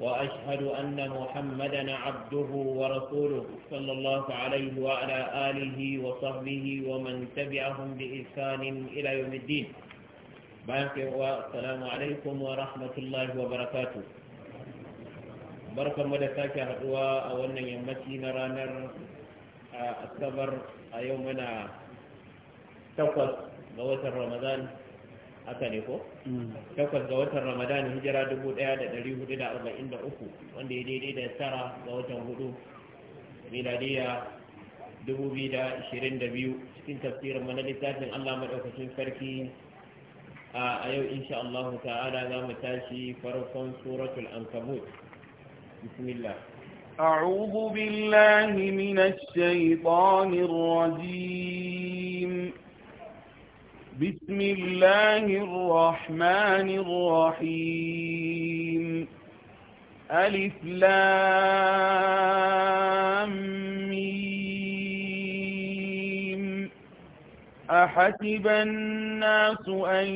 وأشهد أن محمدا عبده ورسوله صلى الله عليه وعلى آله وصحبه ومن تبعهم بإحسان إلى يوم الدين باقي والسلام عليكم ورحمة الله وبركاته بركة مدساك هدوى أولا يمتي نرانر الصبر يومنا تقص بوة رمضان haka ne ko mm. takwas ga watan ramadan hijira 1443 wanda ya daidai da tara ga watan hudu miladiya biyu. cikin tafsirin mana littafin allah maɗaukacin sarki a yau insha Allah ta'ala za mu tashi farkon suratul ankabut bismillah أعوذ بالله من الشيطان الرجيم بسم الله الرحمن الرحيم ألف لام ميم أحسب الناس أن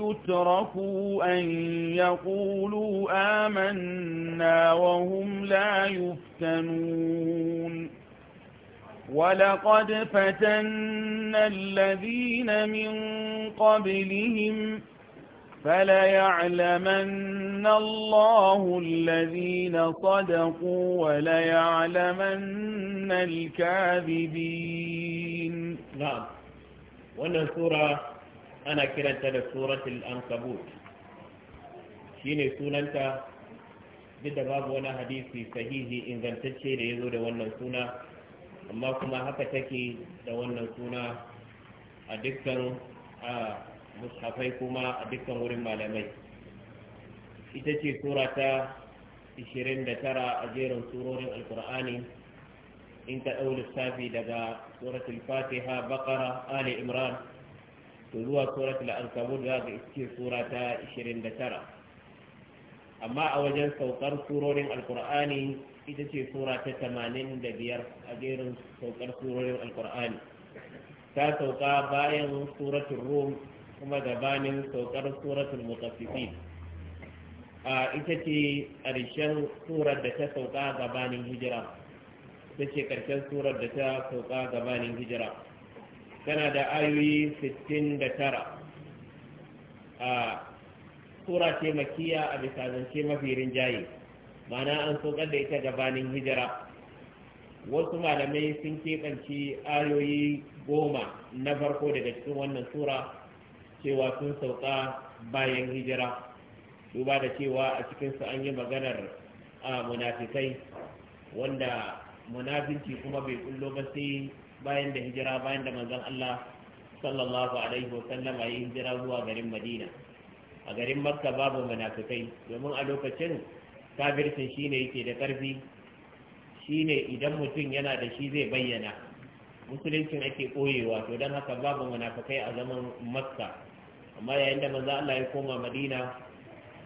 يتركوا أن يقولوا آمنا وهم لا يفتنون ولقد فتنا الذين من قبلهم فليعلمن الله الذين صدقوا وليعلمن الكاذبين نعم وانا سورة انا كرنت لسورة الانقبوت شيني سونا انت جد باب وانا حديثي فهيه انذن تتشير يزور وانا سورة amma kuma haka take da wannan suna a dukkan a mushafai kuma a dukkan wurin malamai ita ce sura ta 29 a jerin surorin alkur'ani in ka ɗau lissafi daga suratul fatiha bakara ali imran to zuwa suratul ankabut za ga iske sura ta 29 amma a wajen saukar surorin alkur'ani ita ce sura ta tamanin da biyar a jerin saukar surorin alkur'ani ta sauka bayan suratun rum kuma gabanin saukar suratun mutafifi a ita ce ƙarshen surar da ta sauka gabanin hijira ita ce ƙarshen surar da ta sauka gabanin hijira tana da ayoyi 69 a sura ce makiya a bisa zance mafi rinjaye mana an saukar da ita gabanin hijira wasu malamai sun keɓance ayoyi goma na farko daga cikin wannan sura cewa sun sauka bayan hijira duba da cewa a cikinsu an yi maganar a munafikai wanda munafinci kuma bai kullo ba sai bayan da hijira bayan da manzon Allah sallallahu alaihi wa sallama yi hijira zuwa garin Madina a garin Makka babu munafikai domin a lokacin kafircin ne yake da ƙarfi shi ne idan mutum yana da shi zai bayyana musuluncin ake koyewa to don haka babu munafikai a zaman makka amma yayin da maza Allah ya koma madina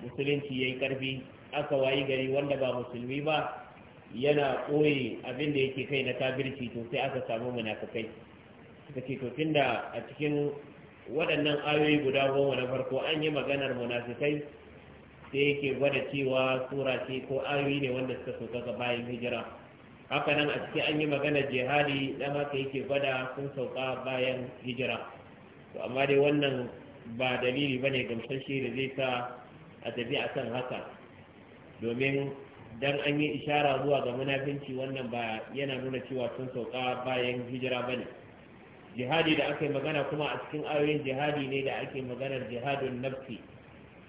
musulunci ya yi ƙarfi, aka wayi gari wanda ba musulmi ba yana koyi abin da yake kai na kafirci to sai aka samu munafikai suka ce to tunda a cikin waɗannan ayoyi guda goma na farko an yi maganar munafikai sai yake gwada cewa sura ce ko ayoyi ne wanda suka sauka ga bayan hijira haka nan a ciki an yi magana jihadi dan haka yake gwada sun sauka bayan hijira to amma dai wannan ba dalili bane gamsashe da zai sa a tafi a kan haka domin dan an yi ishara zuwa ga munafinci wannan ba yana nuna cewa sun sauka bayan hijira bane jihadi da aka magana kuma a cikin ayoyin jihadi ne da ake maganar jihadun nafsi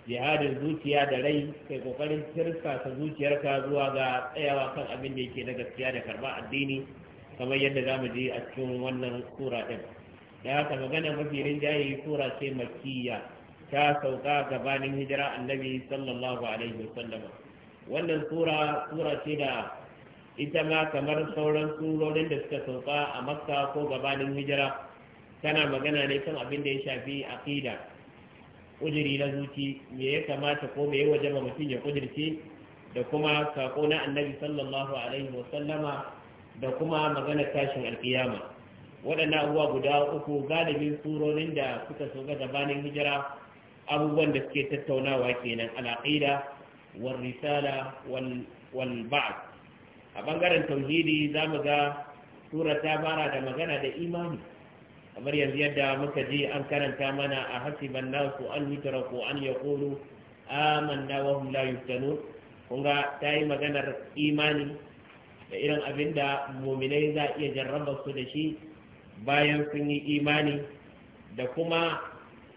jihadin zuciya da rai kai kokarin tirsa ta zuciyarka zuwa ga tsayawa kan abin da yake na gaskiya da karba addini kamar yadda za mu je a cikin wannan sura din da haka magana mafi rinjaye sura ce makkiya ta sauka gabanin hijira annabi sallallahu alaihi wasallam wannan sura sura ce da ita ma kamar sauran surorin da suka sauka a makka ko gabanin hijira tana magana ne kan abin da ya shafi aqida ƙudiri na zuci me ya kamata ko me ya waje wa mutum ya ƙudirce da kuma sako na annabi sallallahu alaihi wa sallama da kuma magana tashin alkiyama. waɗannan abubuwa guda uku galibin surorin da suka soka gabanin hijira abubuwan da suke tattaunawa kenan al'aqida wal risala wal ba'd a bangaren tauhidi zamu ga sura ta fara da magana da imani kamar yanzu yadda muka ji an karanta mana a hasiban nasu an ko an yaqulu amanna wa hum la yuftanun kun ga ta yi maganar imani da irin abin da muminai za iya jarraba su da shi bayan sun yi imani da kuma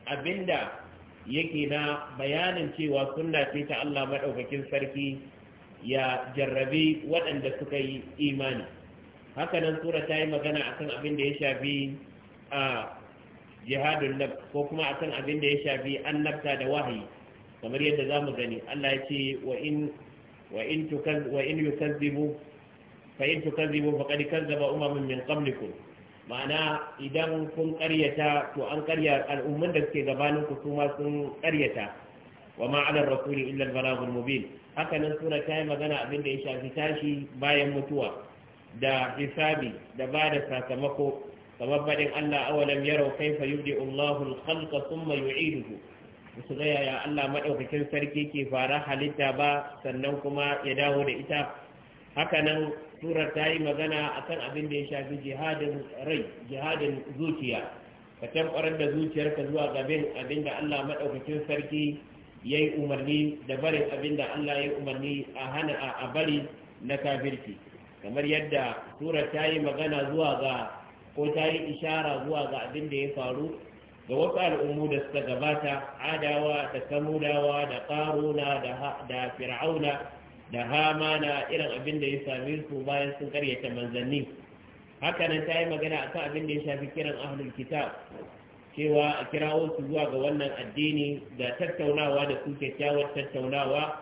abin da yake na bayanin cewa suna ce ta Allah maɗaukakin sarki ya jarrabe waɗanda suka yi imani hakanan sura ta yi magana akan abin da ya shafi a jihadun nab ko kuma akan abin da ya shafi annabta da wahayi kamar yadda za mu gani Allah ya ce wa in wa yukazzibu fa in tukazzibu faqad kazzaba umamun min qablikum ma'ana idan kun karyata to an karya al'umman da suke gabanin ku kuma sun karyata wa ma ala rasuli illa al-balaghul mubin haka nan sura ta yi magana abin da ya shafi tashi bayan mutuwa da hisabi da ba da sakamako kamar faɗin Allah awalam yarau kaifa yubdi Allahu al-khalqa thumma yu'iduhu su ga yaya Allah maɗaukacin sarki ke fara halitta ba sannan kuma ya dawo da ita haka nan turar ta yi magana a abin da ya shafi jihadin rai jihadin zuciya ka tankwarar da zuciyarka zuwa gabin abin da Allah maɗaukacin sarki ya yi umarni da barin abin da Allah ya yi umarni a hana a bari na kafirci kamar yadda turar ta yi magana zuwa ga ko ta yi ishara zuwa ga abin da ya faru ga wasu al'ummu da suka gabata adawa da samudawa da karuna da fir'auna da hama na irin abin da ya same su bayan sun karyata manzanni hakanan ta yi magana a akan abin da ya shafi kiran ahlul kitab cewa a kirawo su zuwa ga wannan addini da tattaunawa da su kyakkyawar tattaunawa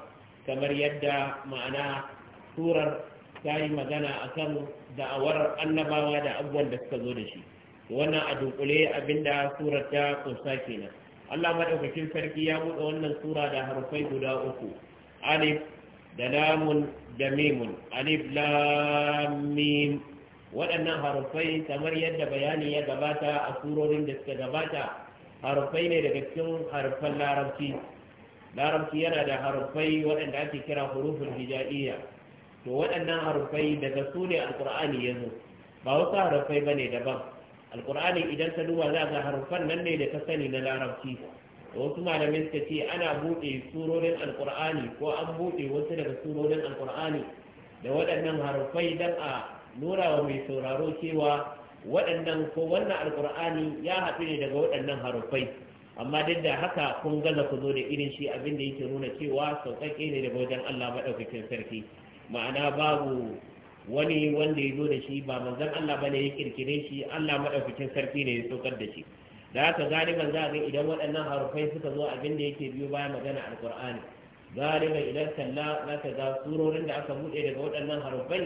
kamar yadda ma'ana turar ta yi magana a kan da awar annabawa da abubuwan da suka zo da shi wannan a dunkule abinda surar ta kusa kenan Allah madaukakin sarki ya buɗe wannan sura da harfai guda uku alif da lamun da mimun alif lam mim waɗannan harfai kamar yadda bayani ya gabata a surorin da suka gabata harfai ne daga cikin harfan larabci larabci yana da harfai waɗanda ake kira hurufin hijaiya to waɗannan harfai daga su ne alkur'ani ya zo ba wasu harfai ba ne daban alkur'ani idan ta duba za ga harfan nan ne da ta sani na larabci da wasu malamai suka ce ana buɗe surorin alkur'ani ko an buɗe wasu daga surorin alkur'ani da waɗannan harfai don a nura wa mai sauraro cewa waɗannan ko wannan alkur'ani ya haɗu ne daga waɗannan harfai amma duk da haka kun gaza ku zo da irin shi abin da yake nuna cewa sauƙaƙe ne daga wajen allah maɗaukakin sarki ma'ana babu wani wanda ya zo da shi ba manzan Allah ba ne ya kirkire shi Allah madaukakin sarki ne ya sokar da shi da haka galiban za a ga idan waɗannan harufai suka zo abin da yake biyo baya magana alkur'ani galiban idan kalla za ka ga surorin da aka buɗe daga waɗannan harufai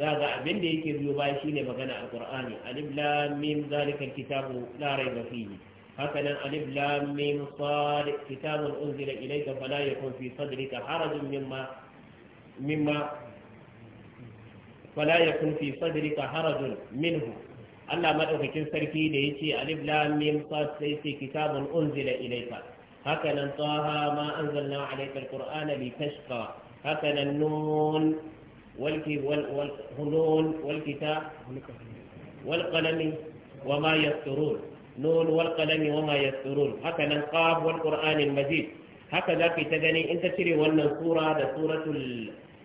za ga abin da yake biyo baya shine magana alkur'ani alif lam mim zalika alkitabu la rayba fihi haka nan alif lam mim sad kitabun unzila ilayka fala yakun fi sadrika harajun mimma mimma فلا يكون في صدرك حرج منه ألا ما كن سركي ديتي ألف لا ميم صاد سيتي كتاب أنزل إليك هكذا طه ما أنزلنا عليك القرآن لتشقى هكذا النون والهنون والكتاب والقلم وما يسترون نون والقلم وما يسترون هكذا القاف والقرآن المزيد هكذا في تدني انت تري ون ده سورة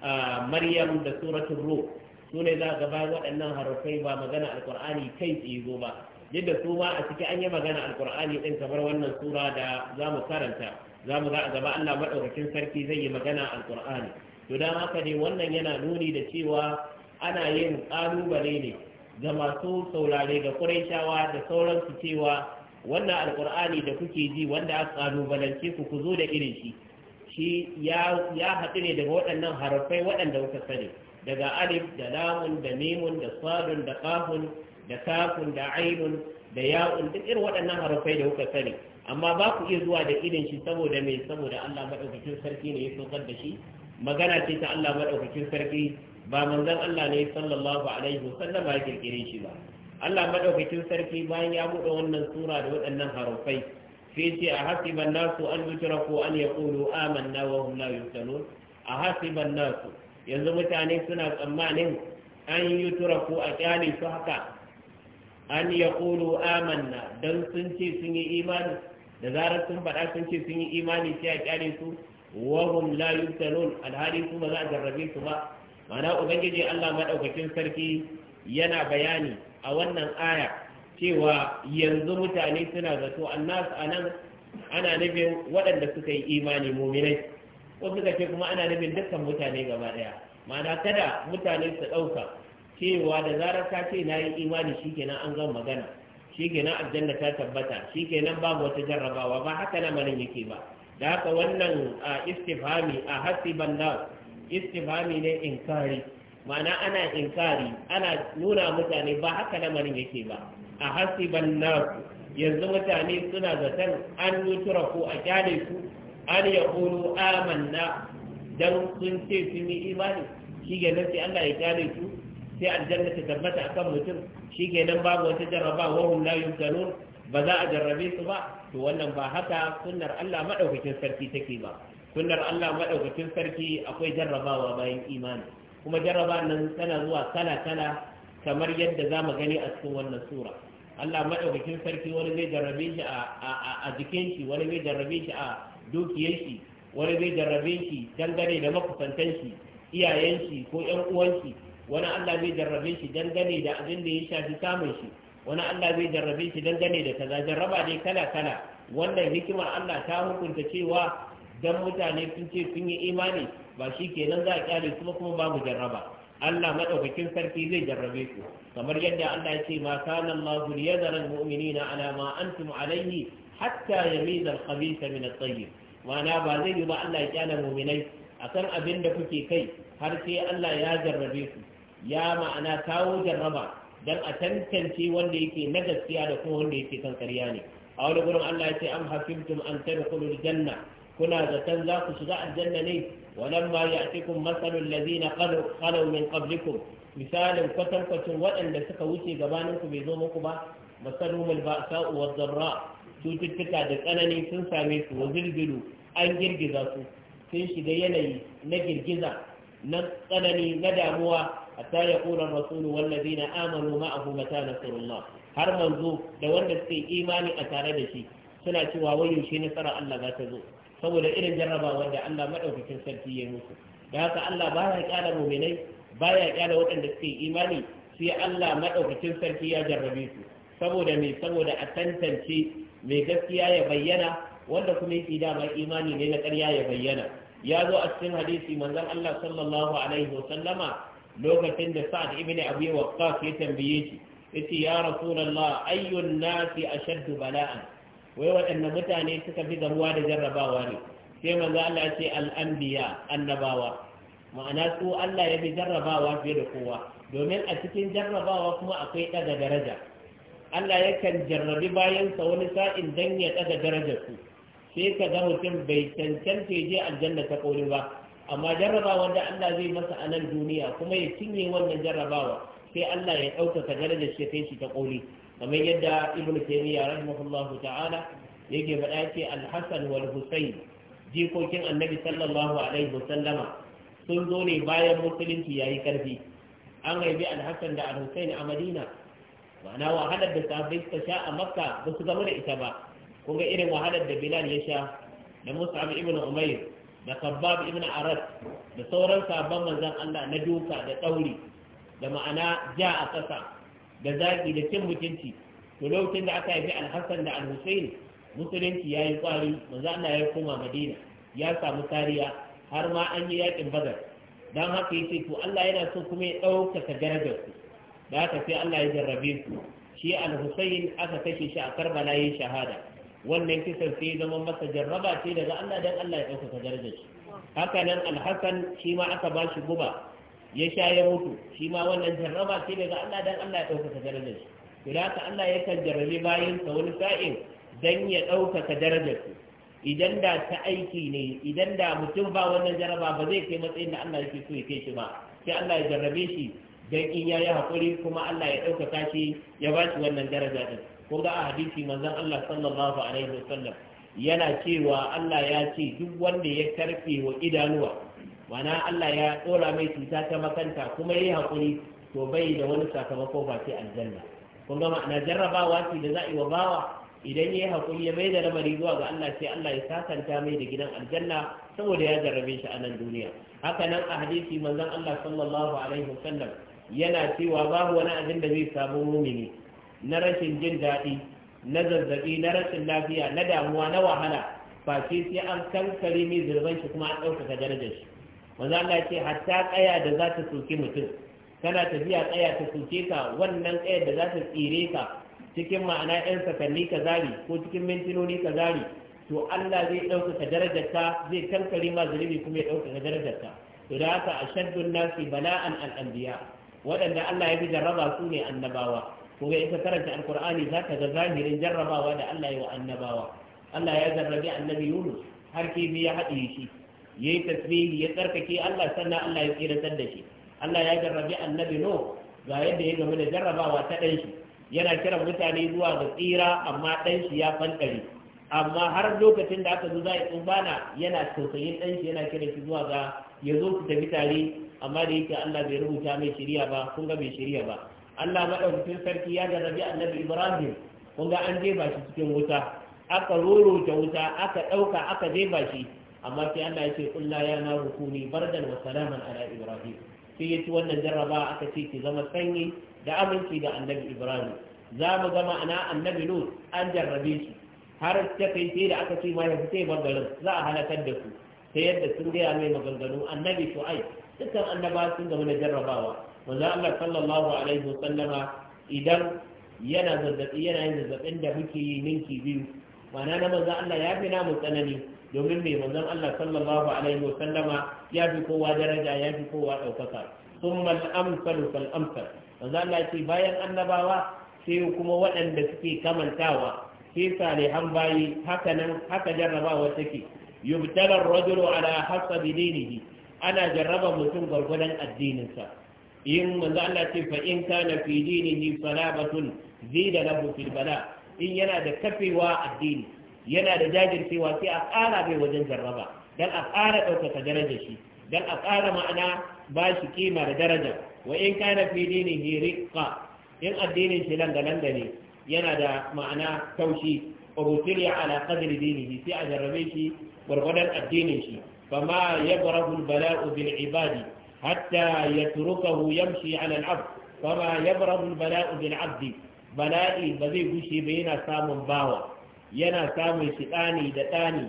آه، مريم ده سورة الروح su ne za ga bayan waɗannan harafai ba magana alkur'ani kai tsaye zo ba yadda su ma a ciki an yi magana alkur'ani ɗin kamar wannan sura da za mu karanta za mu ga a gaba Allah maɗaukakin sarki zai yi magana alkur'ani to dama haka ne wannan yana nuni da cewa ana yin ƙalubale ne ga masu saurare ga ƙuraishawa da sauransu cewa wannan alkur'ani da kuke ji wanda aka kalubalance ku ku zo da irin shi shi ya haɗu ne daga waɗannan harafai waɗanda kuka sani daga alif da lamun da mimun da sadun da kafun da kafun da ainun da ya'un duk irin waɗannan harafai da kuka sani amma ba ku iya zuwa da irin shi saboda mai saboda Allah madaukakin sarki ne ya sokar da shi magana ce ta Allah madaukakin sarki ba manzon Allah ne sallallahu alaihi wasallam ya kirkire shi ba Allah madaukakin sarki bayan ya buɗe wannan sura da waɗannan harafai sai ce a hasiban nasu an yutraku an yaqulu amanna wa hum la yuftanun a hasiban nasu yanzu mutane suna tsammanin an yi turaku a kyale su haka an ya ƙulu amanna don sun ce sun yi imani da zarar sun faɗa sun ce sun yi imani sai a kyale su wahum la yuftanun alhali su ba za a jarrabe su ba mana ubangiji Allah madaukakin sarki yana bayani a wannan aya cewa yanzu mutane suna zato annas anan ana nufin waɗanda suka yi imani muminai wasu suka ce kuma ana nufin dukkan mutane gaba ɗaya. ma'ana kada mutane su ɗauka cewa da zarar ka ce na yi imani shikenan an gan magana shikenan aljanna ta tabbata shikenan babu wata jarrabawa ba haka na malin yake ba da haka wannan istifami a hasi nas istifami ne inkari ma'ana ana inkari ana nuna mutane ba haka na malin yake ba a hasi nas yanzu mutane suna zaton an yi ko a kyale su an ya ƙoro amanna don sun ce sun yi imani shi nan sai Allah ya kyale su sai aljanna ta tabbata a kan mutum shi nan babu wata jarraba wahum la yumtanun ba za a jarrabe su ba to wannan ba haka sunnar Allah madaukakin sarki take ba sunnar Allah madaukakin sarki akwai jarrabawa bayan imani kuma jarraba nan tana zuwa kala kala kamar yadda za mu gani a cikin wannan sura Allah madaukakin sarki wani zai jarrabe shi a jikin shi wani zai jarrabe shi a dukiyar shi wani zai jarrabe shi dangane da makusantan shi iyayen shi ko 'yan uwan shi wani Allah zai jarrabe shi dangane da abin da ya shafi samun shi wani Allah zai jarrabe shi dangane da kaza jarraba dai kala kala wannan hikimar Allah ta hukunta cewa dan mutane sun ce sun yi imani ba shi kenan za a kyale kuma kuma babu jarraba Allah madaukakin sarki zai jarrabe ku kamar yadda Allah ya ce ma kana Allah liyadara almu'minina ala ma antum alayhi hatta yamiza al min at-tayyib ma'ana ba zai yi ba Allah ya kyala muminai akan abin da kuke kai har sai Allah ya jarrabe ku ya ma'ana kawo jarraba dan a tantance wanda yake na gaskiya da kuma wanda yake kan ƙarya ne a wani gurin Allah ya ce am hafimtum an tadkhulul janna kuna zaton za ku shiga aljanna ne walamma ya'tikum masalul ladina qalu min qablikum misalin kwatankwacin waɗanda suka wuce gabaninku bai zo muku ba masalumul ba'sa wa dharra cututtuka da tsanani sun same su wa zilzilu an girgiza su sun shiga yanayi na girgiza na tsanani na damuwa hatta ya kula rasulu wallazi na amanu ma'ahu mata nasarullah har manzo da wanda suke imani a tare da shi suna cewa wayo shi nasara Allah za ta zo saboda irin jarrabawar da Allah madaukakin sarki ya musu da haka Allah baya kyala mu'minai baya kyala waɗanda suke imani sai Allah madaukakin sarki ya jarrabe su saboda me saboda a tantance mai gaskiya ya bayyana wanda kuma yake dama imani ne na ƙarya ya bayyana ya zo a cikin hadisi manzon Allah sallallahu alaihi wasallama lokacin da Sa'ad ibn Abi Waqqas ya tambaye shi yace ya Rasulullah ayyun nasi ashaddu bala'an wai waɗanne mutane suka fi gamuwa da jarrabawa ne sai manzo Allah ya ce al-anbiya annabawa ma'ana su Allah ya bi jarrabawa fiye da kowa domin a cikin jarrabawa kuma akwai ɗaga daraja Allah yakan jarrabi bayansa wani sa'in dan ya ɗaga darajar su sai ka ga mutum bai cancanta je aljanna ta kauri ba amma jarrabawa da Allah zai masa a nan duniya kuma ya cinye wannan jarrabawa sai Allah ya ɗaukaka darajar shi kai shi ta kauri kamar yadda ibnu taymiya rahimahullahu ta'ala yake faɗa ce al-hasan wal husayn jikokin annabi sallallahu alaihi wasallama sun zo ne bayan musulunci yayi karfi an haifi al-hasan da al-husayn a madina ma'ana wahalar da sahabbai ta sha a makka ba su zama da ita ba kun irin wahalar da bilal ya sha da mus'ab ibn umair da kabbab ibn arad da sauran sabon manzan allah na duka da ɗauri da ma'ana ja a ƙasa da zaƙi da cin mutunci to lokacin da aka haifi alhassan da alhussein musulunci ya yi ƙwari manzan allah ya koma madina ya samu tariya, har ma an yi yaƙin badar Dan haka ya ce to allah yana so kuma ya ɗaukaka darajar ku da haka sai allah ya jarrabe su shi alhussein aka kashe shi a karbala ya shahada wannan kisan sai ya zama masa jarraba ce daga Allah dan Allah ya ɗaukaka darajar shi haka nan alhassan shi ma aka ba shi guba ya sha ya mutu shi ma wannan jarraba ce daga Allah dan Allah ya ɗaukaka darajar shi to da haka Allah yakan jarrabi bayan sa wani sa'in dan ya ɗaukaka darajar su idan da ta aiki ne idan da mutum ba wannan jarraba ba zai kai matsayin da Allah yake so ya kai shi ba sai Allah ya jarrabe shi dan in yayi hakuri kuma Allah ya ɗaukaka shi ya ba shi wannan daraja din kun ga a hadisi manzon Allah sallallahu alaihi wasallam yana cewa Allah ya ce duk wanda ya karfe wa idanuwa mana Allah ya dora mai cuta ta makanta kuma yayi hakuri to bai da wani sakamako ba sai aljanna kun ga ma'ana jarrabawa ce da za a yi wa bawa idan yayi hakuri ya bai da lamari zuwa ga Allah sai Allah ya sakanta mai da gidan aljanna saboda ya jarrabe shi a nan duniya haka nan a hadisi manzon Allah sallallahu alaihi wasallam yana cewa babu wani abin da zai samu mumini na rashin jin daɗi na zazzaɓi na rashin lafiya na damuwa na wahala face sai an kankare mai zurban shi kuma an ɗaukaka darajar shi Maza Allah ce hatta tsaya da za ta soke mutum kana tafiya tsaya ta soke ka wannan tsayar da za ta tsire ka cikin ma'ana 'yan sakanni ka zari ko cikin mintinoni ka zari to Allah zai ɗaukaka darajarka zai kankare ma zunubi kuma ya ɗaukaka darajarka to da haka ashaddun nasi bala'an al-anbiya waɗanda Allah ya bi jarraba su ne annabawa kuma ga ka karanta alkur'ani za ta ga zahirin jarrabawa da Allah ya wa annabawa Allah ya jarrabi annabi Yunus har kifi ya haɗiye shi yayi tasbihi ya tsarkake Allah sannan Allah ya tsiratar da shi Allah ya jarrabi annabi no ga yadda ya game da jarrabawa ta ɗan shi yana kiran mutane zuwa ga tsira amma ɗan shi ya fankare amma har lokacin da aka zo za a tsubana yana tausayin ɗan shi yana kiran shi zuwa ga ya zo su tafi tare amma da yake Allah bai rubuta mai shirya ba kun ga bai shirya ba Allah madaukakin sarki ya jarrabi annabi Ibrahim kun ga an jefa shi cikin wuta aka roro ta wuta aka ɗauka aka jeba shi amma sai Allah ya ce kulla ya na rukuni bardan wa salaman ala Ibrahim sai ya ci wannan jarraba aka ce ki zama sanyi da aminci ga annabi Ibrahim za mu ga ma'ana annabi Lut an jarrabe shi har ta kai sai da aka ce ma ya fita za a halakar da su ta yadda sun gaya mai maganganu annabi Shu'aib dukkan annaba sun gama na jarrabawa manzo Allah sallallahu alaihi wasallama idan yana zazzabi yana yin zazzabin da muke yi ninki biyu mana na manzo Allah ya fi namu tsanani domin mai manzon Allah sallallahu alaihi wasallama ya fi kowa daraja ya fi kowa ɗaukaka sun mal'amsal fal'amsal manzo Allah ce bayan annabawa sai kuma waɗanda suke kamantawa sai salihan bayi haka nan haka jarrabawa take yubtala ar-rajulu ala hasabi dinihi ana jarraba mutum gwargwadon addininsa in manzo Allah ce fa in kana fi dinihi salabatun zida lahu fil bala in yana da kafewa addini yana da jajircewa sai a ƙara bai wajen jarraba dan a ƙara ɗaukaka darajar shi dan a ƙara ma'ana ba shi kima da daraja wa in kana fi dinihi riqqa in addinin shi langa-langa ne yana da ma'ana taushi ubutiliya ala qadri dinihi sai a jarrabe shi gwargwadon addinin shi fama yabrahu bala'u bil ibadi hatta ya yamshi ala al-abd kama yabrabu al-bala'u bil 'abd bala'i ba zai gushe ba yana samun bawa yana samun shi ɗani da ɗani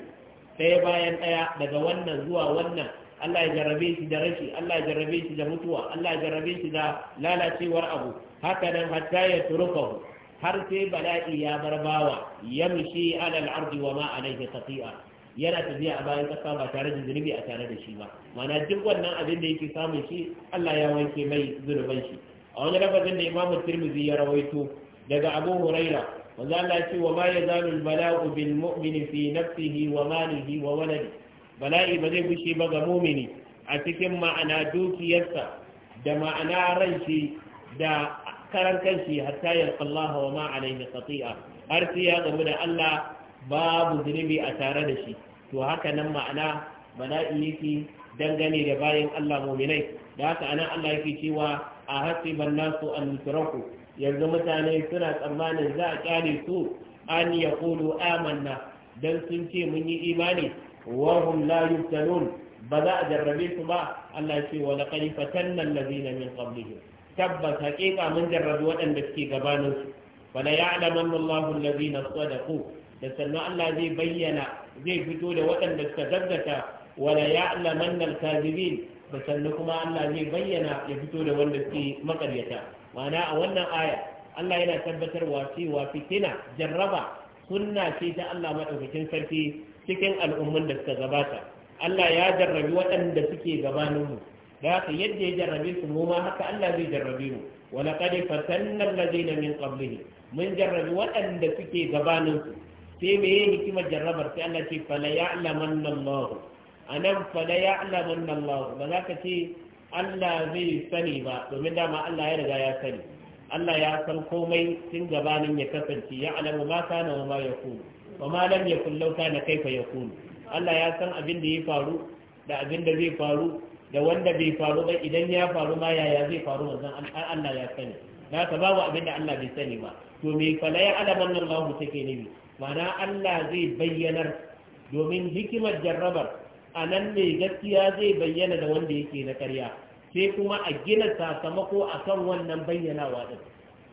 ɗaya bayan ɗaya daga wannan zuwa wannan Allah ya jarrabe shi da rashi Allah ya jarrabe shi da mutuwa Allah ya jarrabe shi da lalacewar abu Hakanan hatta ya turukahu har sai bala'i ya bar bawa yamshi alal ardi wa ma alaihi qati'a yana tafiya a bayan ƙasa ba tare da zunubi a tare da shi ba mana duk wannan abin da yake samun shi Allah ya wanke mai zunuban shi a wani lafazin da Imam Tirmidhi ya rawaito daga Abu Huraira manzo Allah ya ce wa ma yazalu balau bil mu'mini fi nafsihi wa malihi wa waladi bala'i ba zai gushe ba ga mu'mini a cikin ma'ana dukiyarsa da ma'ana shi da karan kanshi hatta yalqa Allah wa ma alayhi qati'a har sai ya gamu da Allah babu zunubi a tare da shi to haka nan ma'ana bala'i yake dangane da bayan Allah muminai da haka anan Allah yake cewa a hasiban nasu an yutraku yanzu mutane suna tsammanin za a kyale su an yaqulu amanna dan sun ce mun yi imani wa hum la yuftanun ba za a jarrabe su ba Allah ce wa nan fatanna allazina min qablihim tabbas haƙiƙa mun jarrabi waɗanda suke gabanin su fala ya'lamanna Allahu allazina sadaqu da sannan Allah zai bayyana zai fito da waɗanda suka gaggata wala ya'lamanna al-kadhibin da sannan kuma Allah zai bayyana ya fito da wanda suke makaryata ma'ana a wannan aya Allah yana tabbatarwa cewa fitina jarraba sunna ce ta Allah madaukakin sarki cikin al'umman da suka gabata Allah ya jarrabi waɗanda suke mu. da haka yadda ya jarrabe su mu ma haka Allah zai jarrabe mu wala qad fatanna allazina min qablihi mun jarrabi waɗanda suke gabaninsu sai me yi hikimar jarrabar sai Allah ce fala ya'laman Allah anan fala ya'laman Allah ba za ka ce Allah zai sani ba domin dama Allah ya riga ya sani Allah ya san komai tun gabanin ya kasance ya alamu ma kana wa ma yakunu wa ma lam yakun law kana kaifa yakunu Allah ya san abin da ya faru da abin da zai faru da wanda bai faru ba idan ya faru ma yaya zai faru wannan Allah ya sani da ka babu abin da Allah bai sani ba to me fala ya'laman Allah take nabi mana Allah zai bayyanar domin hikimar jarrabar a nan ne gaskiya zai bayyana da wanda yake na karya sai kuma a gina sakamako a kan wannan bayyanawa din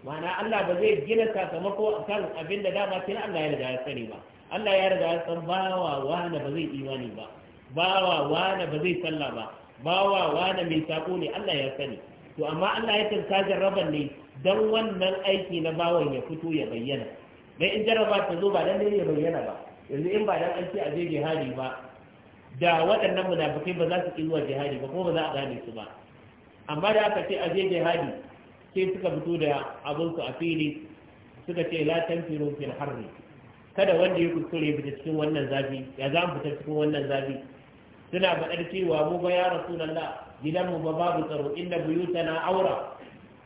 mana Allah ba zai gina sakamako a kan abin da dama sai Allah ya riga ya sani ba Allah ya riga ya san bawa wani ba zai imani ba bawa wani ba zai sallah ba bawa wani mai sako ne Allah ya sani to amma Allah ya tanka jarrabar ne dan wannan aiki na bawan ya fito ya bayyana dan in jaraba ta zo ba dan ne ya bayyana ba yanzu in ba dan an ce a je jihadi ba da waɗannan munafikai ba za su ki zuwa jihadi ba kuma ba za a gane su ba amma da aka ce a je jihadi sai suka fito da abin su a fili suka ce la tanfiru fil harri kada wanda ya kuskure fita cikin wannan zafi ya za mu fita cikin wannan zafi suna faɗar cewa mu ba ya rasulullah gidanmu ba babu tsaro inda buyutana aura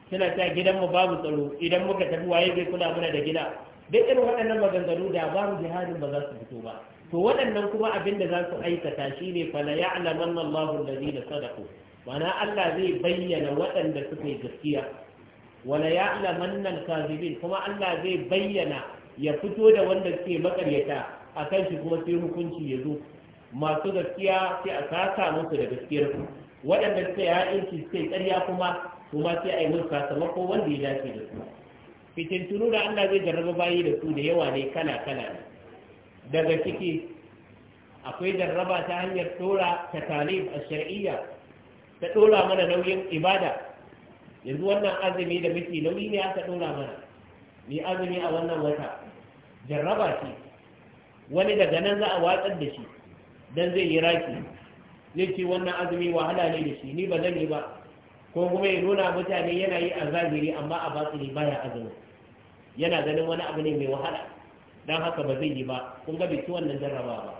suna ta gidanmu babu tsaro idan muka tafi waye bai kula mana da gida duk irin waɗannan maganganu da babu jihadin ba za su fito ba to waɗannan kuma abin da za su aikata shine fala ya'lamanna Allahu alladhina sadaqu mana Allah zai bayyana waɗanda suka yi gaskiya wala ya'lamanna al-kadhibin kuma Allah zai bayyana ya fito da wanda suke makaryata akan shi kuma sai hukunci ya zo masu gaskiya sai a saka musu da gaskiyar su waɗanda suka yi aiki suka yi ƙarya kuma kuma sai a yi musu sakamako wanda ya dace da su fitintunu da Allah zai jarraba bayi da su da yawa ne kala kala ne daga ciki akwai jarraba ta hanyar dora ta talib a shar'iyya ta dora mana nauyin ibada yanzu wannan azumi da muke nauyi ne aka dora mana ni azumi a wannan wata jarraba ce wani daga nan za a watsar da shi dan zai yi raki zai ce wannan azumi wahala ne da shi ni ba zan yi ba ko kuma ya nuna mutane yana yi a zahiri amma a batsini baya azumi yana ganin wani abu ne mai wahala don haka ba zai yi ba kun ga biki wannan jarraba ba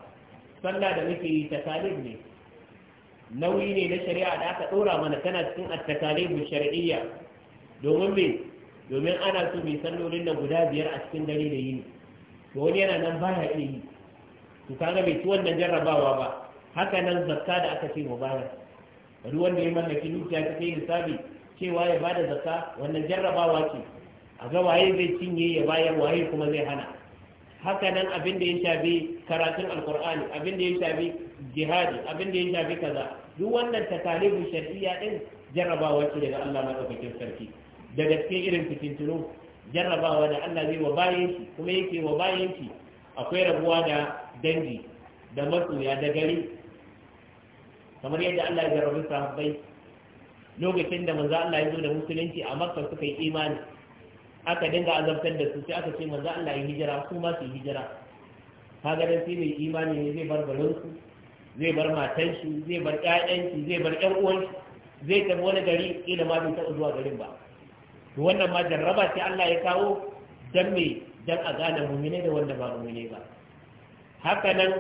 sallah da muke yi talib ne nauyi ne na shari'a da aka ɗora mana tana cikin attakalibu shari'iyya domin me domin ana so mai sallolin nan guda biyar a cikin dare da yini to wani yana nan baya iya yi to kaga bai ci wannan jarrabawa ba haka nan zakka da aka ce mu bayar ruwan da ya mallaki dukiya ta kai hisabi cewa ya bada zakka wannan jarrabawa ce a ga waye zai cinye ya bayar waye kuma zai hana haka nan abin da ya shafi karatun alkur'ani abin da ya shafi jihadi abin da ya shafi kaza duk wannan talibu shari'a din jarrabawa ce daga Allah madaukakin sarki Da gaske irin fitintunu jarrabawa da Allah zai wa bayan shi kuma yake wa bayan shi akwai rabuwa da dangi da matsuya da gari kamar yadda Allah ya jarrabi sahabbai lokacin da manzo Allah ya zo da musulunci a Makka suka yi imani aka dinga azabtar da su sai aka ce manzo Allah ya hijira su ma su hijira Ka dan sai ne imani ne zai bar garin su zai bar matan shi zai bar ƴaƴan shi zai bar ƴan uwan shi zai tafi wani gari ila ma bai taɓa zuwa garin ba to wannan ma jarraba ce Allah ya kawo dan me dan a gane mu'mine da wanda ba mu'mine ba haka nan